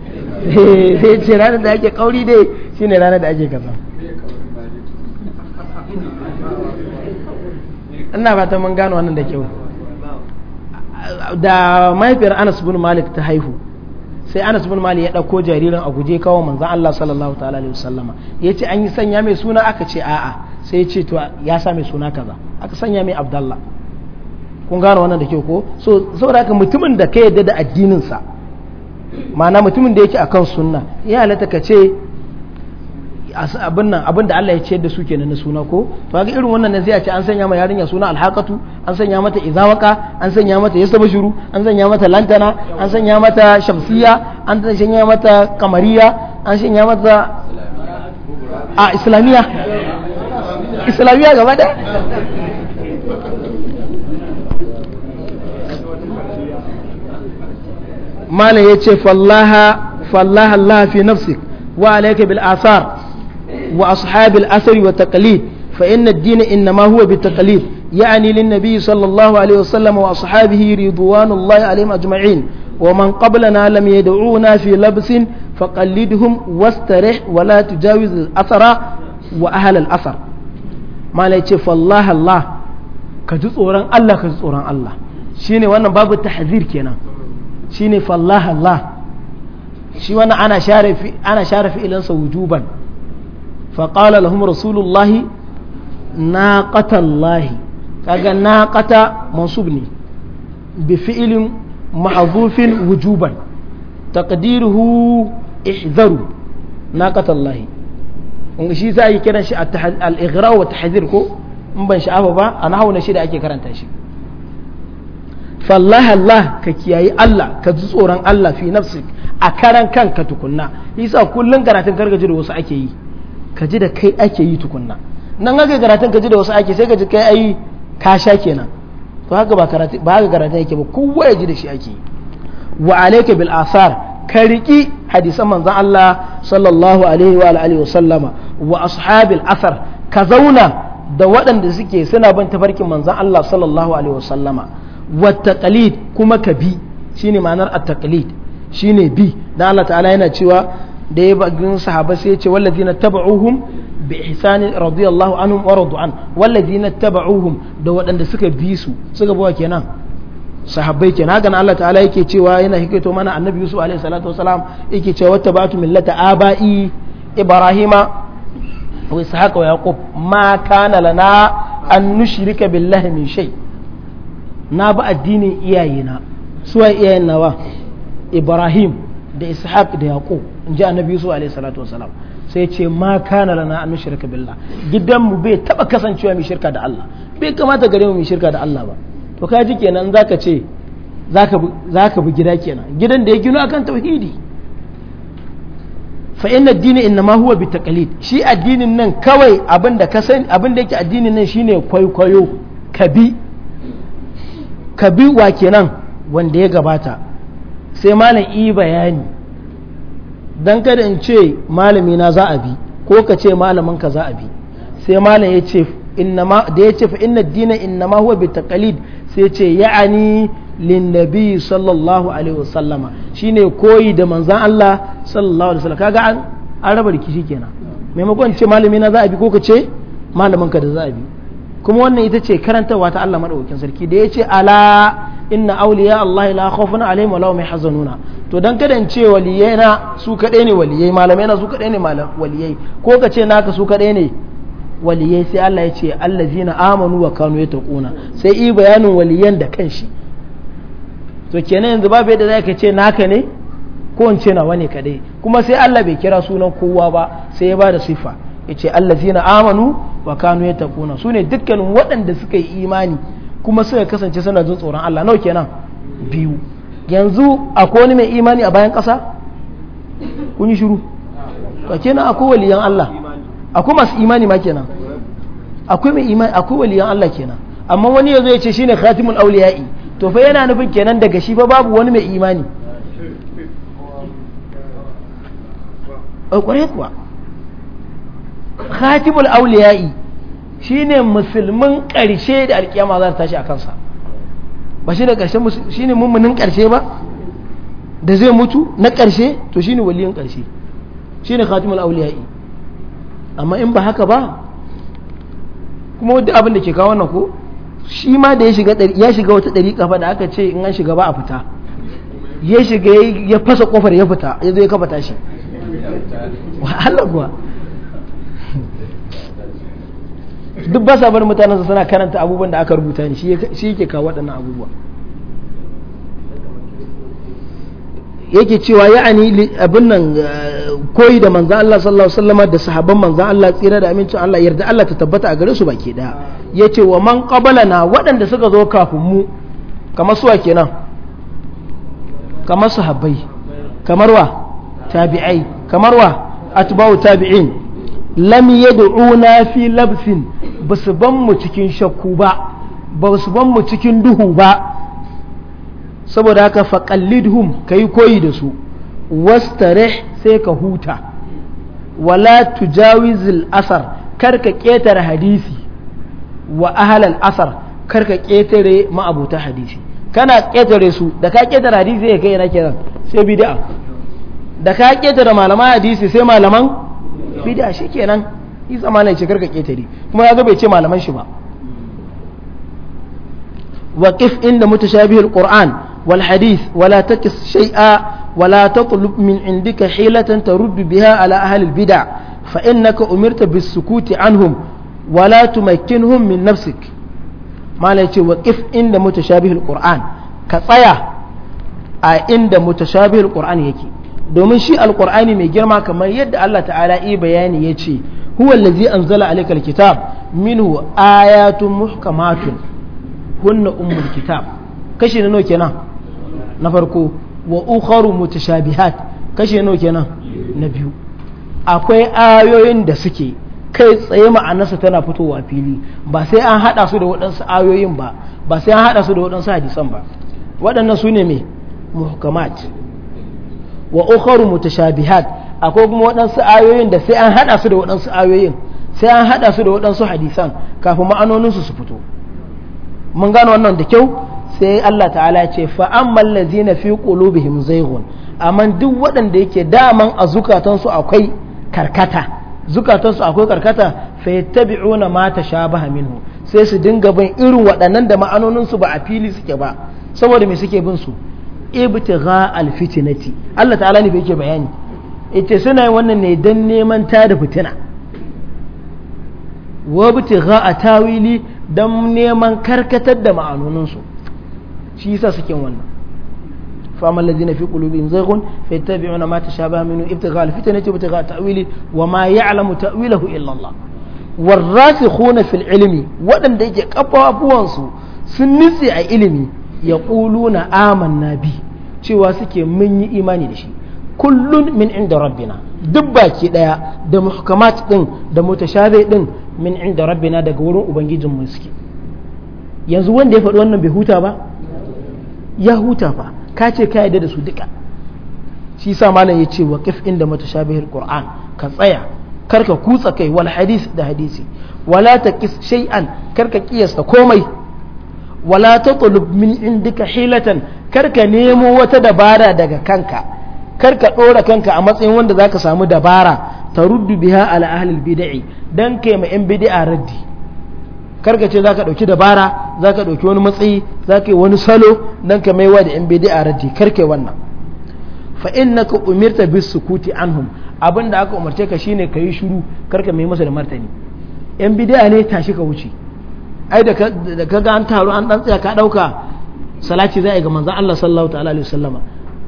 sai eh, ya ce ranar da ake kauri dai shine ranar da ake kaza ina fata mun gano wannan da kyau da mahaifiyar anas bin malik ta haihu sai anas bin mali ya ɗauko jaririn a guje kawo manzan allah sallallahu ta'ala alaihi wasallama ya ce an yi sanya mai suna aka ce a'a sai ya ce to ya sa mai suna kaza aka sanya mai abdallah kun gano wannan da ke ko so saboda haka mutumin da ka yadda da addinin sa ma'ana mutumin da yake akan sunna ya halatta ka ce abin nan abin da Allah ya ce da su kenan na suna ko to ga irin wannan ne zai a ce an sanya ma yarinya suna alhaqatu an sanya mata izawaka an sanya mata yastabshuru an sanya mata lantana an sanya mata shamsiya an sanya mata kamariya an sanya mata a islamiya islamiya gaba da malam ya ce fallaha fallaha Allah fi nafsik wa alayka bil asar وأصحاب الأثر والتقليد فإن الدين إنما هو بالتقليد يعني للنبي صلى الله عليه وسلم وأصحابه رضوان الله عليهم أجمعين ومن قبلنا لم يدعونا في لبس فقلدهم واسترح ولا تجاوز الأثر وأهل الأثر ما لا فالله الله كجزء أوران الله كجزء أوران الله shine wannan babu tahzir kenan shine fallah Allah shi wannan ana share ana share fi'ilan sa wujuban فقال لهم رسول الله ناقة الله كذا ناقة منصوبني بفعل محذوف وجوبا تقديره احذروا shi za a yi kiran shi al'ighra wa tahzir ko in ban sha'afa ba a nahawu na shida ake karanta shi fallaha Allah ka kiyayi Allah ka ji tsoron Allah fi nafsik a karan kanka tukunna yasa kullun karatun karkaji da wasu ake yi ka ji da kai ake yi tukunna nan haka karatun ka ji da wasu ake sai ka ji kai ayi ka sha kenan to haka ba karatu ba haka karatun yake ba kowa ya ji da shi ake yi wa alayka bil asar ka riki hadisan manzon Allah sallallahu alaihi wa alihi wa sallama wa ashabil asar ka zauna da waɗanda suke suna bin tafarkin manzon Allah sallallahu alaihi wa sallama wa taqlid kuma ka bi shine ma'anar at-taqlid shine bi dan Allah ta'ala yana cewa da ya bagin sahaba sai ya ce wallazina taba'uhum bi ihsani radiyallahu anhum wa radu an wallazina taba'uhum da waɗanda suka bi su suka bawa kenan sahabbai kenan haka Allah ta'ala yake cewa yana hikaito mana annabi Yusuf alaihi salatu wasalam yake cewa wattaba'tu millata aba'i ibrahima wa ishaqa wa yaqub ma kana lana an nushrika billahi min shay na ba addinin iyayena suwa iyayen nawa ibrahim da ishaq da yaqub in ji annabi yusuf alaihi salatu salam sai ce ma kana lana an shirka billah gidan mu bai taba kasancewa mu shirka da Allah bai kamata gare mu mai shirka da Allah ba to kaji kenan zaka ce zaka zaka bi gida kenan gidan da ya gino akan tauhidi fa inna ad-din innama huwa bi shi addinin nan kawai abinda ka sani abinda yake addinin nan shine kwaikwayo kabi kabi wa kenan wanda ya gabata sai malam i bayani don kada in ce malami na za a bi ko ka ce malamin ka za a bi sai malam ya ce da ya ce fa inna dina inna ma huwa bi taqalid sai ce ya'ani linnabi sallallahu alaihi wasallama shine koyi da manzan Allah sallallahu alaihi wasallam kaga an an raba rikici kenan maimakon ce malami na za a bi ko ka ce malamin ka da za a bi kuma wannan ita ce karantarwa ta Allah madaukakin sarki da ya ce ala inna awliya Allah la khawfun alaihim wa la hum yahzanuna to don kada ce waliyai na su kadai ne waliyai malamai na su kaɗai ne waliyai ko ka ce naka su kadai ne waliyai sai Allah ya ce zina amanu wa kanu taƙuna sai i bayanin waliyan da shi to kenan yanzu babu yadda ka ce naka ne ko in ce nawa ne kadai kuma sai Allah bai kira sunan kowa ba sai ya bada sifa allah zina amanu wa kanu su ne dukkanin waɗanda suka yi imani kuma suka kasance suna jin tsoron Allah nau kenan biyu yanzu a kone mai imani a bayan ƙasa kun yi shiru to kenan akwai waliyan Allah akwai masu imani ma kenan akwai mai imani akwai waliyan Allah kenan amma wani yanzu ya ce shi ne khatimun auliya'i to fa yana nufin kenan daga shi fa babu wani mai imani eh, ƙwarai kuwa auliya'i shi ne musulmin ƙarshe da alƙiyama za ta tashi a kansa ba shi da ƙarshe shi ne mummunin ƙarshe ba da zai mutu na ƙarshe to shi ne waliyan ƙarshe shi ne khatimul auliya'i amma in ba haka ba kuma wadda abin da ke kawo wannan ko shi ma da ya shiga wata ɗariƙa kafa da aka ce in an shiga ba a fita ya shiga ya fasa ƙofar ya fita ya zo ya kafa tashi wahala kuwa duk ba sa bar mutanen suna karanta abubuwan da aka rubuta ne shi yake kawo waɗannan abubuwa yake cewa ani abin nan eh, koyi da manzan Allah sallallahu alaihi wasallam da sahabban manzan Allah tsira da amincin Allah yarda Allah ta tabbata a gare su baki daya yace wa man qabalana waɗanda suka zo kafin mu kamar suwa kenan kamar sahabbai kamar wa tabi'ai kamar wa atba'u tabi'in lam yad'una fi labsin basu ban mu cikin shakku ba basu ban mu cikin duhu ba saboda haka faqallidhum kai koyi da su wastarih sai ka huta wala tujawizil asar kar ka ketare hadisi wa ahlal asar kar ka ketare ma'abuta hadisi kana ketare su da ka ketare hadisi sai kai na kenan sai bid'a da ka ketare malaman hadisi sai malaman bid'a shikenan yi zamana ya ce karka ketare kuma ya ga bai ce malaman shi ba waƙif inda mutashabihi alquran wal hadith wala takis shay'a wala tatlub min indika hilatan taruddu biha ala ahli bid'a fa innaka umirta bis sukuti anhum wala tumakkinhum min nafsik malai ce waqif inda mutashabihi alquran ka tsaya a inda mutashabihul qur'ani yake domin shi alkur'ani mai girma kamar yadda Allah ta'ala yi bayani ya ce huwa allazi anzala alaikal kitab minhu ayatun muhkamatun hunna ummul kitab kashi na nawa kenan na farko wa ukharu mutashabihat kashi na nawa kenan na biyu akwai ayoyin da suke kai tsaye ma'anarsa tana fitowa fili ba sai an hada su da waɗansu ayoyin ba ba sai an hada su da waɗansu hadisan ba waɗannan su ne mai muhkamat wa ukharu mutashabihat akwai kuma waɗansu ayoyin da sai an hada su da waɗansu ayoyin sai an hada su da waɗansu hadisan kafin ma'anonin su su fito mun gano wannan da kyau sai Allah ta'ala ya ce fa ammal ladzina fi qulubihim zaygun amma duk waɗanda yake daman a zukatansu akwai karkata zukatansu akwai karkata fa yattabi'una ma tashabaha minhu sai su dinga bin irin waɗannan da ma'anonin su ba a fili suke ba saboda me suke bin su ibtigha alfitinati Allah ta'ala ne yake bayani ita suna wannan ne dan neman ta da fitina wa ibtigha a tawili dan neman karkatar da ma'anonin su shi yasa suke wannan فأما الذين في قلوبهم زيغ فيتبعون ما تشابه منه ابتغاء الفتنة وابتغاء تأويله وما يعلم تأويله إلا الله والراسخون في العلم ودن ديجي قبوا أبوانسو سنسي علمي ya na aman na bi cewa suke mun yi imani da shi kullun min inda rabbina duk baki ɗaya da muhkamat ɗin da mutashabi din min inda rabbina daga wurin ubangijin mu suke yanzu wanda ya faɗi wannan bai huta ba ya huta ba ka ce ka yadda da su duka shi sa malam ya ce wa kif inda mutashabihil qur'an ka tsaya karka kutsa kai wal hadis da hadisi wala taqis shay'an karka kiyasta komai wala tatlub min indika hilatan karka nemo wata dabara daga kanka karka ɗora kanka a matsayin wanda zaka samu dabara ta ruddu biha ala ahlil bid'i dan kai ma yan bid'a raddi karka ce zaka dauki dabara zaka dauki wani matsayi zaka yi wani salo dan ka maiwa da yan bid'a raddi karka wannan fa innaka umirta bis sukuti anhum abinda aka umarce ka shine kayi shiru karka mai masa da martani yan bid'a ne tashi ka wuce ai da ka ga an taru an dan tsaya ka dauka salati za a yi ga manzon Allah sallallahu ta'ala alaihi wasallama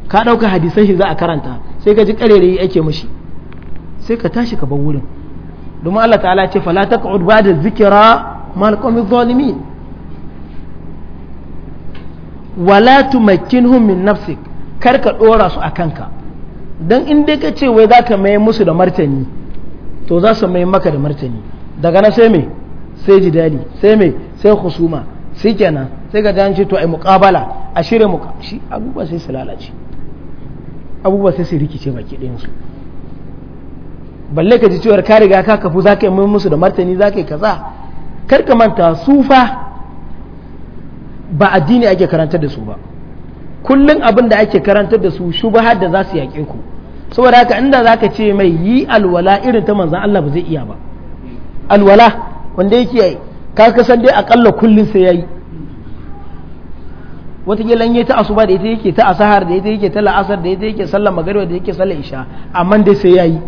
ka dauka shi za a karanta sai ka ji karere ake mishi sai ka tashi ka bar wurin domin Allah ta'ala ya ce fala taq'ud ba'da zikra mal qawmi zalimin wala tumakkinhum min nafsik kar ka dora su a kanka dan in dai ka ce wai ka mai musu da martani to za su mai maka da martani daga na sai me sai jidali sai mai sai husuma sai kenan sai ga jan to ai muqabala a shirye mu shi abubuwa sai su lalace abubuwa sai su rikice baki ɗayan su balle ka ji cewar ka riga ka kafu za ka yi musu da martani za ka kaza kar ka manta sufa ba addini ake karantar da su ba kullum abin da ake karantar da su shubahar da za su yaƙe ku saboda haka inda za ka ce mai yi alwala irin ta manzan Allah ba zai iya ba alwala wanda yake yayi ka kasan dai akalla kullun sai yayi wataƙila in yi ta asuba da ita yake ta asahar da ita yake ta la'asar da ita yake sallar magariba da yake sallar isha amma dai sai yayi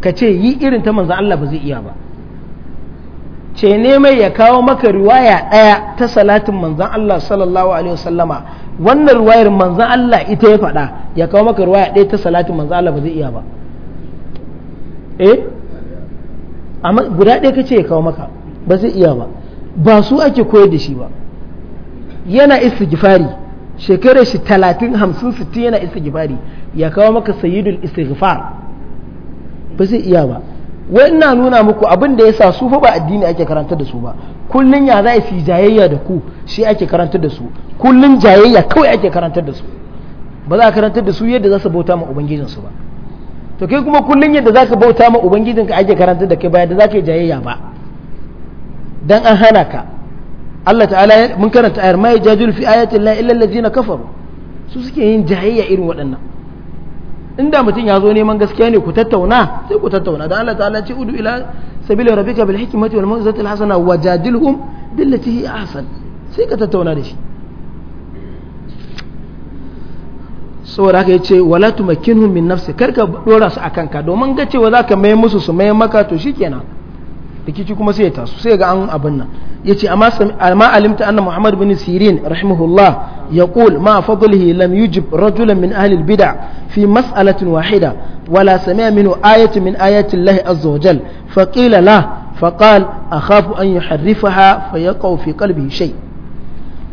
ka ce yi irin ta manzan Allah ba zai iya ba ce ne mai ya kawo maka riwaya ɗaya ta salatin manzan Allah sallallahu alaihi wasallama wannan riwayar manzan Allah ita ya faɗa ya kawo maka riwaya ɗaya ta salatin manzan Allah ba zai iya ba eh amma guda ɗaya kace ya kawo maka ba zai iya ba ba su ake koyar da shi ba yana istighfari shekarar shi talatin hamsin sittin yana istighfari ya kawo maka sayyidul istighfar ba zai iya ba wai ina nuna muku abin da sa su fa ba addini ake karanta da su ba kullun ya za su jayayya da ku shi ake karanta da su kullun jayayya kawai ake karanta da su ba za a karanta da su yadda za su bauta ma ubangijinsu ba to kai kuma kullun yadda zaka bauta ma ubangijinka ake karanta da kai bayan da zaka yi jayayya ba dan an hana ka Allah ta'ala mun karanta ayar ma yajadul fi ayatin la illa allazina kafaru su suke yin jayayya irin waɗannan inda mutum ya zo neman gaskiya ne ku tattauna sai ku tattauna da Allah ta'ala ce udu ila sabila rabbika bil hikmati wal mawzati al hasana wajadilhum billati hi ahsan sai ka tattauna da shi saboda haka yace wala tumakkinhum min nafsi karka dora su akan ka domin ga cewa zaka mai musu su mai maka to shikenan rikici kuma sai ya taso sai ga an abin nan yace amma amma alimta anna muhammad bin sirin rahimahullah yaqul ma fadlihi lam yujib rajulan min ahli albid'a fi mas'alatin wahida wala sami'a minhu ayatin min ayati allahi azza wajal faqila la faqal akhafu an yuharrifaha fayaqau fi qalbihi shay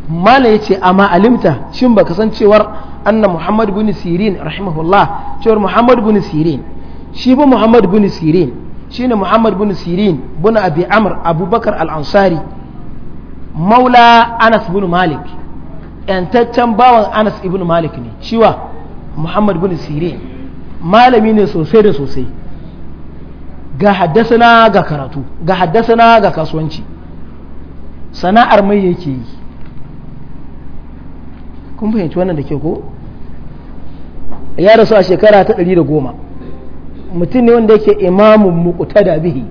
mala yace amma alimta shin baka san cewar anna muhammad bin sirin rahimahullah cewar muhammad bin sirin shi ba muhammad bin sirin shine muhammad bin sirin bin al-ansari maula anas bin malik yantaccen bawan anas ibn malik ne ciwa muhammad bin sirin malami ne sosai da sosai ga haddasa ga karatu ga hadasana ga kasuwanci sana'ar mai yake yi kun fahimci wannan da ke ko ya rasu a shekara ta ɗari da goma mutum ne wanda yake imamun mukuta da bihi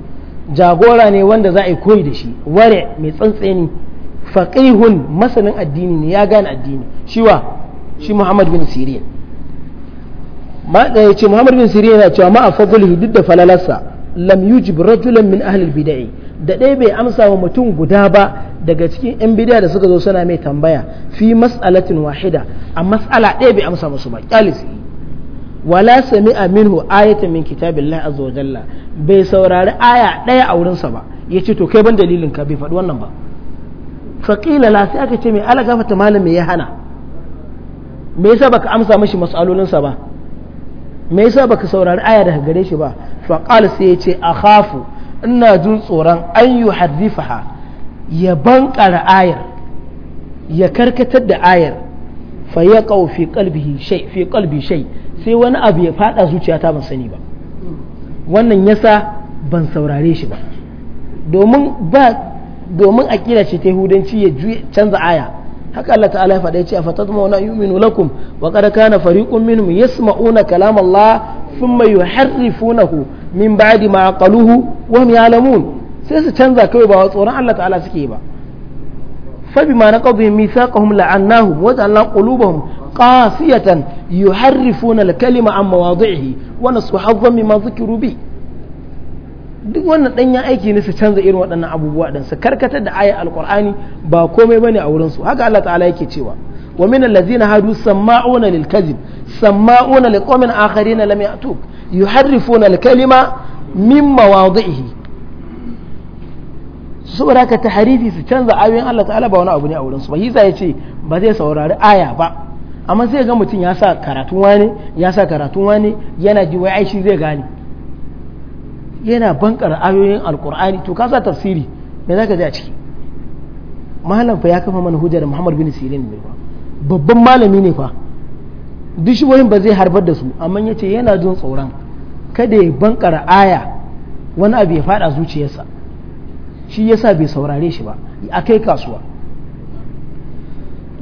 jagora ne wanda za a yi koyi da shi ware mai tsantseni faƙihun masanin addini ne ya gane addini shi wa shi muhammad bin siriya eh, ya ce muhammad bin siriya na cewa ma'a fadlihi duk da falalarsa lam yujib rajulan min ahlil bida'i da ɗaya bai amsa wa mutum guda ba daga cikin yan bidiya da suka zo suna mai tambaya fi mas'alatin wahida a mas'ala ɗaya bai amsa musu ba kyalisi wala sami'a minhu ayatan min kitabillahi azza wa jalla bai saurari aya ɗaya a wurinsa ba yace to kai ban dalilin ka bai faɗi wannan ba faƙila la sai aka ce mai ala gafata malam me ya hana me yasa baka amsa mashi mas'alolinsa ba me yasa baka saurari aya daga gare shi ba fa qala sai yace akhafu ina jin tsoron an ha. ya bankara ayar ya karkatar da ayar fa ya fi fi kalbi shay sai wani abu ya fada ta ban sani ba wannan yasa ban saurare shi ba domin ba domin ce ta hudanci ya canza aya haka Allah ta'ala ya faɗa ya ce a fatatma wa yu'minu lakum wa qad kana fariqun minhum yasma'una kalam Allah thumma yuharrifunahu min ba'di ma qaluhu wa hum ya'lamun sai su canza kawai ba tsoron Allah ta'ala suke ba fa na naqadhum mithaqahum la'annahum wa ja'alna qulubahum qasiyatan yuharrifuna al-kalima an mawadhihi wa nasu hadhan mimma dhukiru bi duk wannan danyen aiki ne su canza irin waɗannan abubuwa dan su karkatar da aya alqur'ani ba komai bane a wurin su haka Allah ta'ala yake cewa wa min allazina hadu sama'una lil kadhib sama'una liqawmin akharina lam ya'tuk yuharrifuna al-kalima min mawadhihi saboda ka ta harifi su canza ayoyin Allah ta'ala ba wani abu ne a wurin su ba hisa yace ba zai saurari aya ba amma sai ga mutum ya sa karatun wani ya sa karatun wani yana ji wai aishi zai gane yana bankar ayoyin alkur'ani to ka sa tafsiri me zaka ji a ciki malam fa ya kafa mana hujjar Muhammad bin Sirin ne ba babban malami ne fa duk shubohin ba zai harbar da su amma yace yana jin tsoron kada ya bankara aya wani abu ya fada zuciyarsa shi yasa bai saurare shi ba a kai kasuwa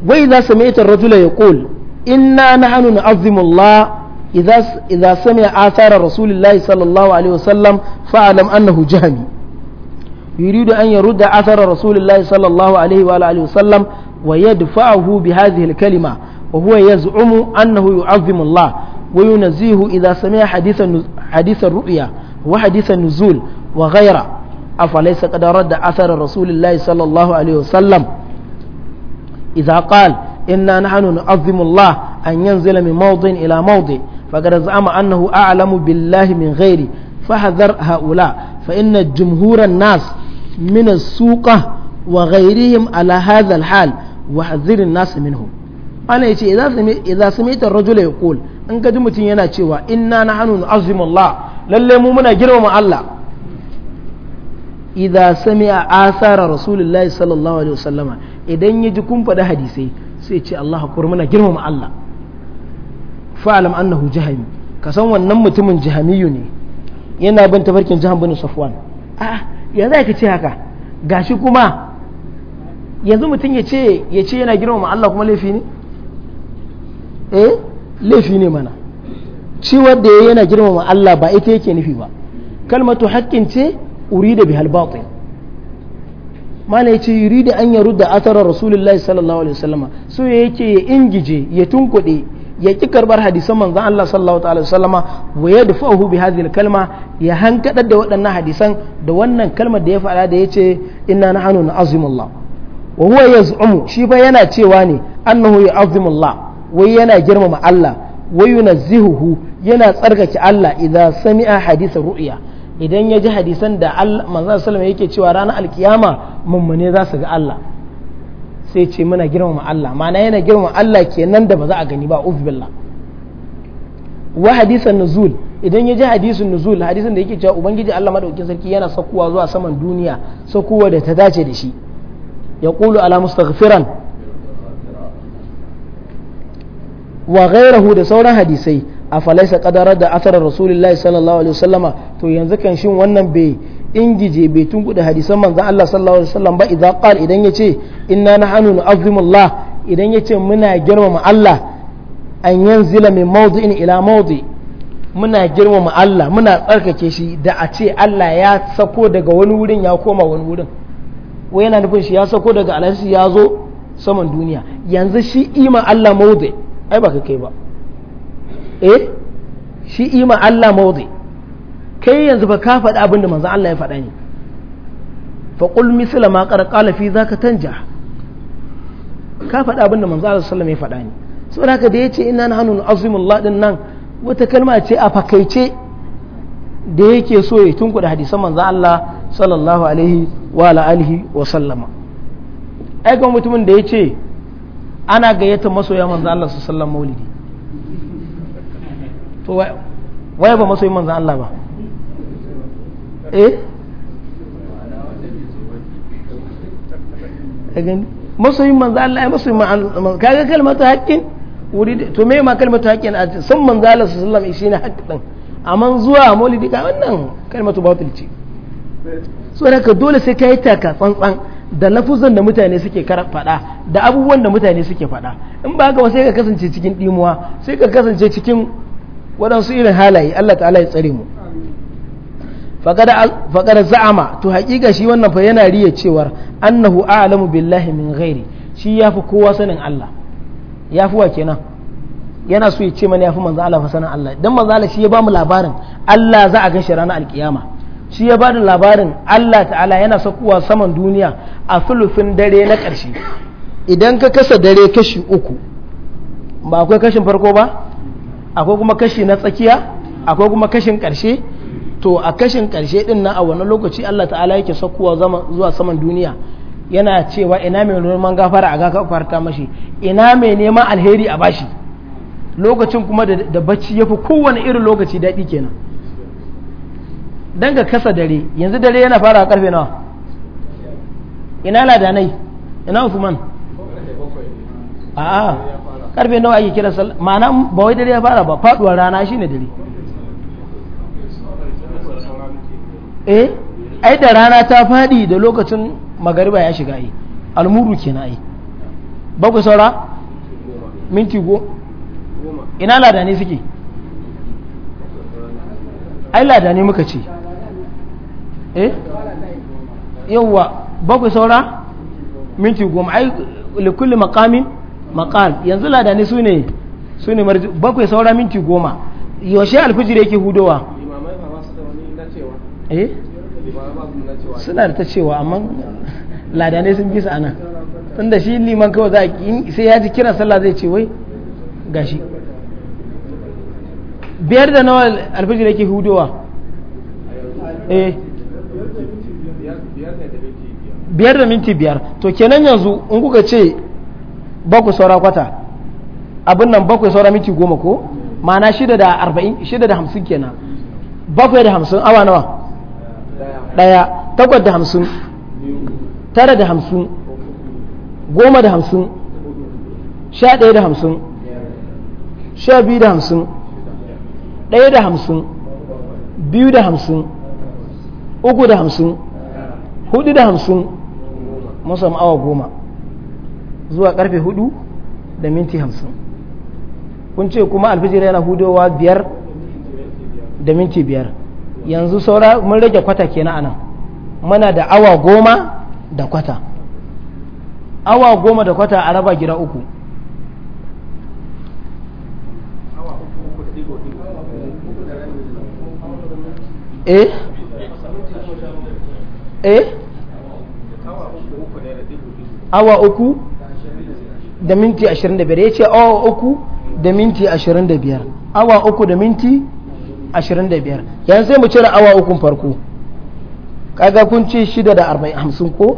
wai za su maitar rajula ya ƙul inna na hannu na azimullah idza sami'a athara rasulillahi sallallahu alaihi wasallam fa'alam annahu jahami يريد أن يرد أثر رسول الله صلى الله عليه وآله وسلم ويدفعه بهذه الكلمة وهو يزعم أنه يعظم الله وينزيه إذا سمع حديث حديث الرؤيا وحديث النزول وغيره أفليس قد رد أثر رسول الله صلى الله عليه وسلم إذا قال إنا نحن نعظم الله أن ينزل من موضع إلى موضع فقد زعم أنه أعلم بالله من غيره فحذر هؤلاء فإن جمهور الناس من السوق وغيرهم على هذا الحال وحذر الناس منهم أنا يتي إذا سمعت الرجل يقول إن قد متين ينا إنا نحن نعظم الله للي مو منا جرم الله idza sami'a asara rasulullahi sallallahu alaihi wasallama idan yaji kun faɗi hadisai sai ce Allah kur muna girmama Allah fa'alam annahu jahami ka san wannan mutumin jahamiyu ne yana bin tafarkin jahan bin safwan a ya za ka ce haka gashi kuma yanzu mutum ya ce ya ce yana girmama Allah kuma laifi ne eh laifi ne mana ciwar da yana girmama Allah ba ita yake nufi ba kalmatu haƙƙin ce urida bihal yurida an yarudda athara rasulullahi sallallahu alaihi wasallama so yake ya ingije ya tunkuɗe ya ki karbar hadisan manzon Allah sallallahu ta'ala wasallama wa yadfa'uhu bi hadhihi kalma ya hankadar da waɗannan hadisan da wannan kalmar da ya faɗa da yace inna nahnu na'zimullah wa huwa yaz'umu shi fa yana cewa ne annahu ya'zimullah wai yana girmama Allah wa yunazzihuhu yana tsarkake Allah idza sami'a hadisa ru'ya idan ya ji hadisan da manzan salama yake cewa ranar alkiyama mummune za su ga Allah sai ce muna girmama Allah ma'ana yana girmama Allah kenan da ba za a gani ba uf billah wa hadisan nuzul idan ya ji hadisin nuzul hadisin da yake cewa ubangiji Allah madaukin sarki yana sakuwa zuwa saman duniya sakuwa da ta dace da shi ya kulu ala mustaghfiran wa ghairahu da sauran hadisai a falaisa kadarar da asarar rasulullahi sallallahu alaihi wasallama to yanzu kan shin wannan bai ingije bai tunkuɗe hadisan manzan Allah sallallahu alaihi wasallam ba idan qal idan yace inna nahnu nu'azzimullah idan yace muna girmama Allah an yanzila min mawdi'in ila mawdi muna girmama Allah muna tsarkake shi da a ce Allah ya sako daga wani wurin ya koma wani wurin wai yana nufin shi ya sako daga alasi ya zo saman duniya yanzu shi ima Allah mawdi ai ba ka kai ba eh shi ima Allah mawdi kai yanzu ba ka faɗi abin da manzon Allah ya faɗa ne fa qul misla ma qala fi zaka tanja ka faɗi abin da manzon Allah sallallahu alaihi wasallam ya faɗa ne saboda haka da yace inna nahnu Allah din nan wata kalma ce a fakaice da yake so ya tunkuɗa hadisan manzon Allah sallallahu alaihi wa alihi wa sallama ai ga mutumin da yace ana gayyata masoya manzon Allah sallallahu alaihi wasallam maulidi to waya ba masoyin manzan Allah ba eh masoyin manzan Allah masoyin manzan kaga ta haƙƙin wuri to me ma ta haƙƙin a san manzan Allah na alaihi wasallam haƙƙin amma zuwa maulidi ka wannan kalmatu batil ce so haka dole sai yi taka tsantsan da lafuzan da mutane suke faɗa da abubuwan da mutane suke faɗa in ba haka ba sai ka kasance cikin dimuwa sai ka kasance cikin waɗansu irin halaye Allah ta'ala ya tsare mu faƙar za'ama to haƙiƙa shi wannan fa yana riya cewar annahu a'lamu billahi min ghairi shi yafi kowa sanin Allah yafi wa kenan yana so ya ce mana yafi manzo Allah fa sanin Allah dan manzo Allah shi ya ba mu labarin Allah za a gashi ranar alkiyama shi ya ba da labarin Allah ta'ala yana sakuwa saman duniya a sulufin dare na ƙarshe idan ka kasa dare kashi uku ba akwai kashin farko ba akwai kuma kashi na tsakiya akwai kuma kashin karshe to a kashin karshe din nan a wani lokaci Allah ta'ala yake sakuwa zuwa saman duniya yana cewa ina mai neman gafara a gafarta mashi ina mai neman alheri a bashi lokacin kuma da bacci ya fi kowane irin lokaci daɗi kenan danga ga kasa dare yanzu dare yana fara a karfe nawa ina ladanai ina usman a'a karfe nawa ake kira sallah ma'ana ba wai dare ya fara ba faduwar rana shine dare eh ai da rana ta fadi da lokacin magariba ya shiga ai almuru kenan ai bakwai saura minti go ina ladane suke ai ladane muka ce eh yawwa bakwai saura minti goma ai likulli makamin maqal yanzu ladani su ne su ne bakwai saura minti goma yaushe alfijir yake hudowa eh suna da ta cewa amma ladane sun bisa ana tunda shi liman kawai za a sai ya ji kiran sallah zai ce wai gashi biyar da nawa alfijir yake hudowa eh biyar da minti biyar to kenan yanzu in kuka ce bakwai saura kwata abin nan bakwai saura miki goma ko ma'ana shida da arba'in shida da hamsin kenan bakwai da hamsin awa nawa ɗaya takwas da hamsin tara da hamsin goma da hamsin sha ɗaya da hamsin sha biyu da hamsin ɗaya da hamsin biyu da hamsin uku da hamsin hudu da hamsin musamman awa goma zuwa karfe hudu da minti hamsin kun ce kuma alfijir yana hudowa biyar da minti biyar yanzu saura mun rage kwata kenan anan muna da awa goma da kwata awa goma da kwata a raba gida uku eh, eh? awa uku da minti 25 ya ce awa uku da minti 25 awa uku da minti 25 yanzu sai mu cire awa ukun farko kaga kun ce 6 da 50 ko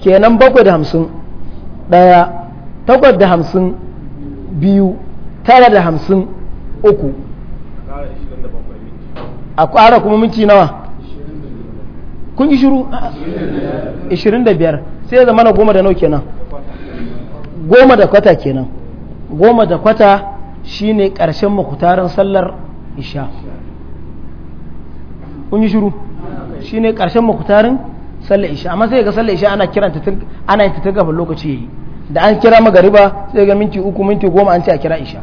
kenan 7 da 50 daya 8 da 50 biyu 9 da 50 uku a ƙara kuma minti nawa kun yi shiru 25 sai ya zama na goma da nau kenan goma da kwata kenan goma da kwata shine ƙarshen makutaren sallar isha kun yi shiru shine ƙarshen makutaren sallar isha amma sai ga sallar isha ana kiranta ana yin ta kafin lokaci yayi da an kira magariba sai ga minti uku minti goma an ce a kira isha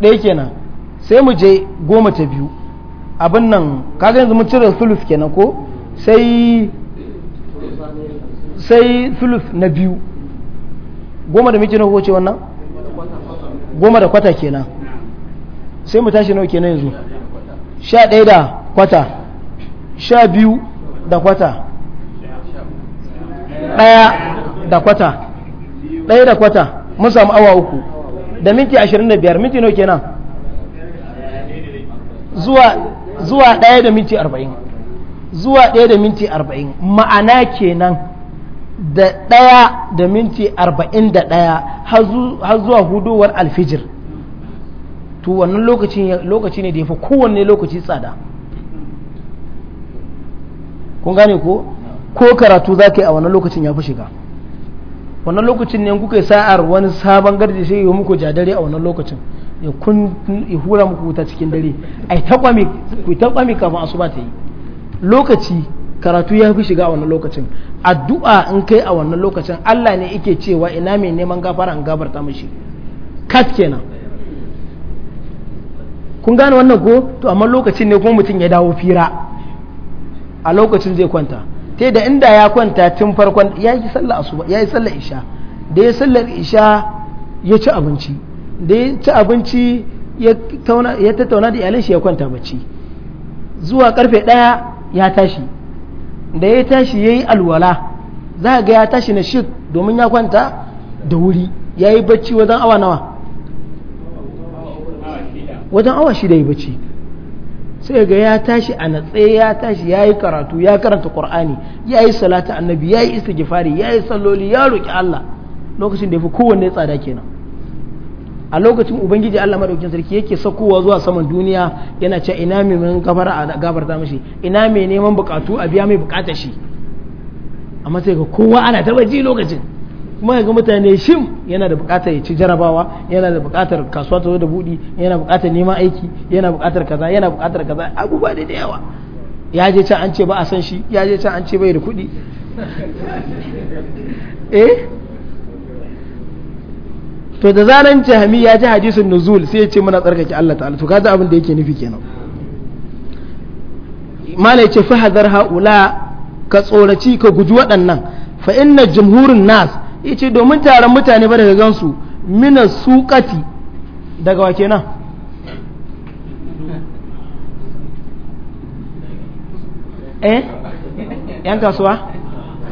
ɗaya kenan sai mu je goma ta biyu abin nan kaga yanzu mun cire sulus kenan ko sai sai sulus na biyu goma da miki nawa kowace wannan goma da kwata kenan sai mu tashi nawa kenan yanzu sha ɗaya da kwata sha biyu da kwata ɗaya da kwata ɗaya da kwata mun samu awa uku da minti ashirin da biyar minti nawa kenan zuwa zuwa ɗaya da minti arba'in zuwa ɗaya da minti arba'in ma'ana kenan da ɗaya da minti arba'in da ɗaya har zuwa hudowar alfijir to wannan lokaci ne da ya fi kowanne lokaci tsada kun gane ko ko karatu za ka yi a wannan lokacin ya fi shiga wannan lokacin ne kuka yi sa'ar wani sabon garje sai yi muku jadare a wannan lokacin ya kun ya hura muku wuta cikin dare a yi kwami ku ta kwami kafin asuba ta yi lokaci karatu ya fi shiga a wannan lokacin addu'a in kai a wannan lokacin Allah ne yake cewa ina mai neman gafara an gafarta mishi kat kenan kun gane wannan ko to amma lokacin ne kuma mutum ya dawo fira a lokacin zai kwanta ta da inda ya kwanta tun farkon ya yi sallar asuba ya yi isha da ya sallar isha ya ci abinci da ya ci abinci ya tattauna da iyalin shi ya kwanta bacci zuwa karfe daya ya tashi da ya tashi ya yi alwala za ga ya tashi na shirk domin ya kwanta da wuri ya yi bacci wajen awa nawa wajen awa shida ya bacci sai ga ya tashi a natse ya tashi ya yi karatu ya karanta ƙorani ya yi salata annabi ya yi istighfari ya yi salloli ya roƙi allah lokacin da ya fi kowanne tsada kenan a lokacin ubangiji Allah madaukakin sarki yake sakowa zuwa saman duniya yana cewa ina mai mun gafara a gafarta mishi ina mai neman bukatu a biya mai bukatar shi amma sai ga kowa ana taba ji lokacin kuma ga mutane shim yana da bukatar ya ci jarabawa yana da bukatar kasuwa ta da budi yana bukatar neman aiki yana bukatar kaza yana bukatar kaza abubuwa da yawa ya je can an ce ba a san shi ya je can an ce bai da kuɗi eh to da zaran jahami ya ji hadisin nuzul sai ya ce muna tsarkake Allah ta'ala to kaza abin da yake nufi kenan mala yace fa hadar haula ka tsoraci ka guji waɗannan fa inna jumhurun nas yace domin taron mutane ba daga gansu mina suqati daga wa kenan eh yan kasuwa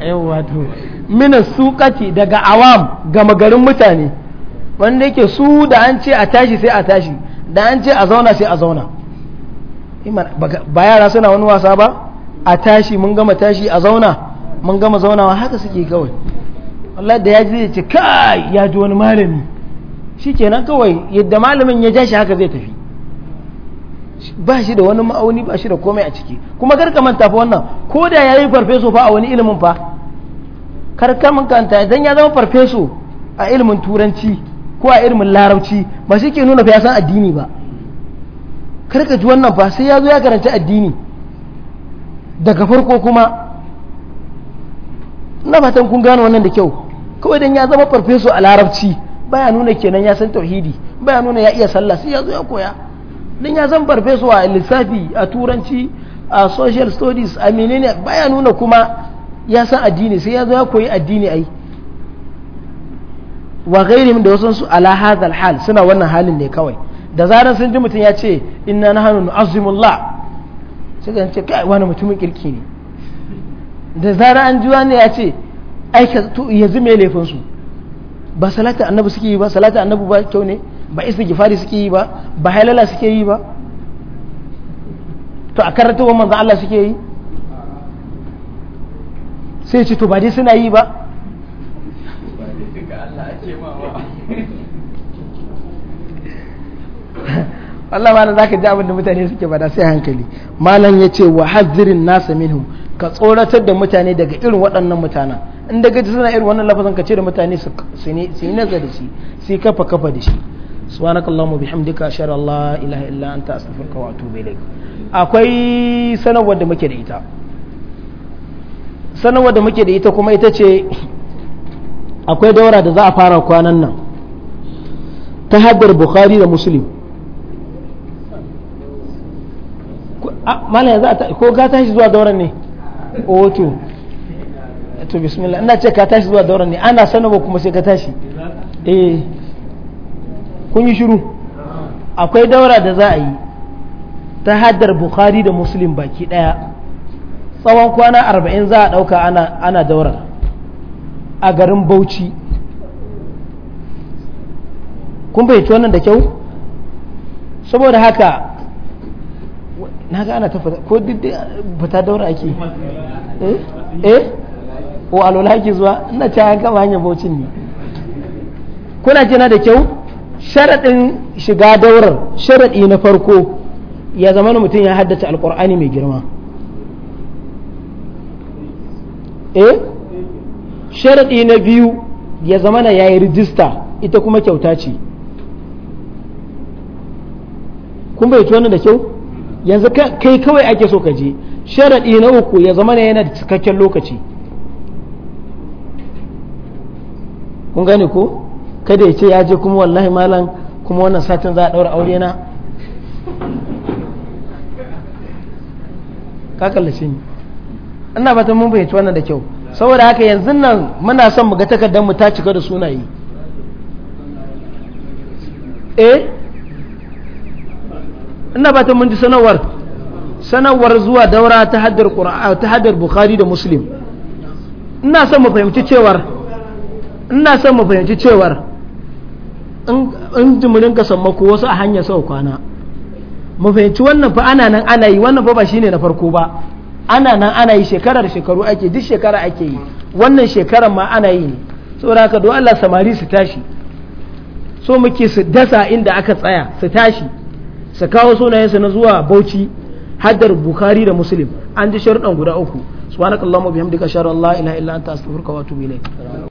eh wato mina suqati daga awam gama garin mutane wanda yake su da an ce a tashi sai a tashi da an ce a zauna sai a zauna ba yara suna wani wasa ba a tashi mun gama tashi a zauna mun gama zaunawa haka suke kawai Allah da ya ji zai ce kai ya ji wani malami shi kenan kawai yadda malamin ya ja shi haka zai tafi ba shi da wani ma'auni ba shi da komai a ciki kuma karka manta fa wannan ko da ya yi farfeso fa a wani ilimin fa karka manta idan ya zama farfeso a ilimin turanci ko a irin larabci ba shi ke nuna fa ya san addini ba karka ji wannan fa sai ya zo ya karanci addini daga farko kuma na fatan kun gano wannan da kyau kawai dan ya zama farfeso a larabci baya nuna kenan ya san tauhidi baya nuna ya iya sallah sai ya zo ya koya dan ya zama farfeso a lissafi a turanci a social studies a menene baya nuna kuma ya san addini sai ya zo ya koyi addini ai wa gairi da su ala hadal hal suna wannan halin ne kawai da zaran sun ji mutum ya ce inna nahnu nu'azzimullah sai ga ce kai wani mutumin kirki ne da zaran an ji wani ya ce ai ya zi yanzu me laifin su ba salatu annabi suke yi ba salatu annabi ba kyau ne ba istighfari suke yi ba ba halala suke yi ba to a karatuwar manzo Allah suke yi sai ce to ba dai suna yi ba Allah malam ka ji abin da mutane suke bada sai hankali malam ya ce wa hazirin nasa minhu ka tsoratar da mutane daga irin waɗannan mutanen in da gaji suna irin wannan lafazan ka ce da mutane su yi nazar da shi su yi kafa kafa da shi subhanakallahumma bihamdika ashhadu an la ilaha illa anta astaghfiruka wa atubu ilaik akwai sanarwar da muke da ita sanarwar da muke da ita kuma ita ce akwai daura da za a fara kwanan nan ta haddar bukhari da muslim mala yanzu a ko ka tashi zuwa dauran ne oto oh, to bismillah ina ce ka tashi zuwa dauran ne ana ba kuma sai ka tashi eh kun yi shiru akwai daura da za a yi ta haddar bukhari da muslim baki daya tsawon kwana arba'in za a dauka ana daurar a garin bauchi kun bayyace wannan da kyau saboda haka na ga ana ta ko duk fita daura ake eh eh o alola ake zuwa ina ta an kama hanyar Bauchin ne kuna jina da kyau sharaɗin shiga daurar sharaɗi na farko ya zama mutum ya haddace alƙur'ani mai girma eh sharaɗi na biyu ya zama na yayi rijista ita kuma kyauta ce kun bai wannan da kyau yanzu kai kawai ake so ka je sharaɗi na uku ya zama na yana da cikakken lokaci kun gane ko kada ya ce ya je kuma wallahi malam kuma wannan satin za a ɗaura aure na ka kallace ni ina fatan mun bayyace wannan da kyau saboda haka yanzu nan muna son mu ga takardar mu ta cika da sunaye eh ina ba ta mun ji sanarwar sanarwar zuwa daura ta haddar qur'an ta haddar bukhari da muslim ina son mu fahimci cewar ina son mu fahimci cewar in jimirin ka mako wasu a hanya sau kwana mu fahimci wannan fa ana nan ana yi wannan fa ba shine na farko ba ana nan ana yi shekarar shekaru ake duk shekara ake yi wannan shekarar ma ana yi ne saboda haka don Allah samari su tashi so muke su dasa inda aka tsaya su tashi su kawo sunayensu na zuwa bauchi haddar bukhari da muslim an ji sharuɗan guda uku subhanakallahumma bihamdika la ila illa anta astaghfiruka wa atubu ilayk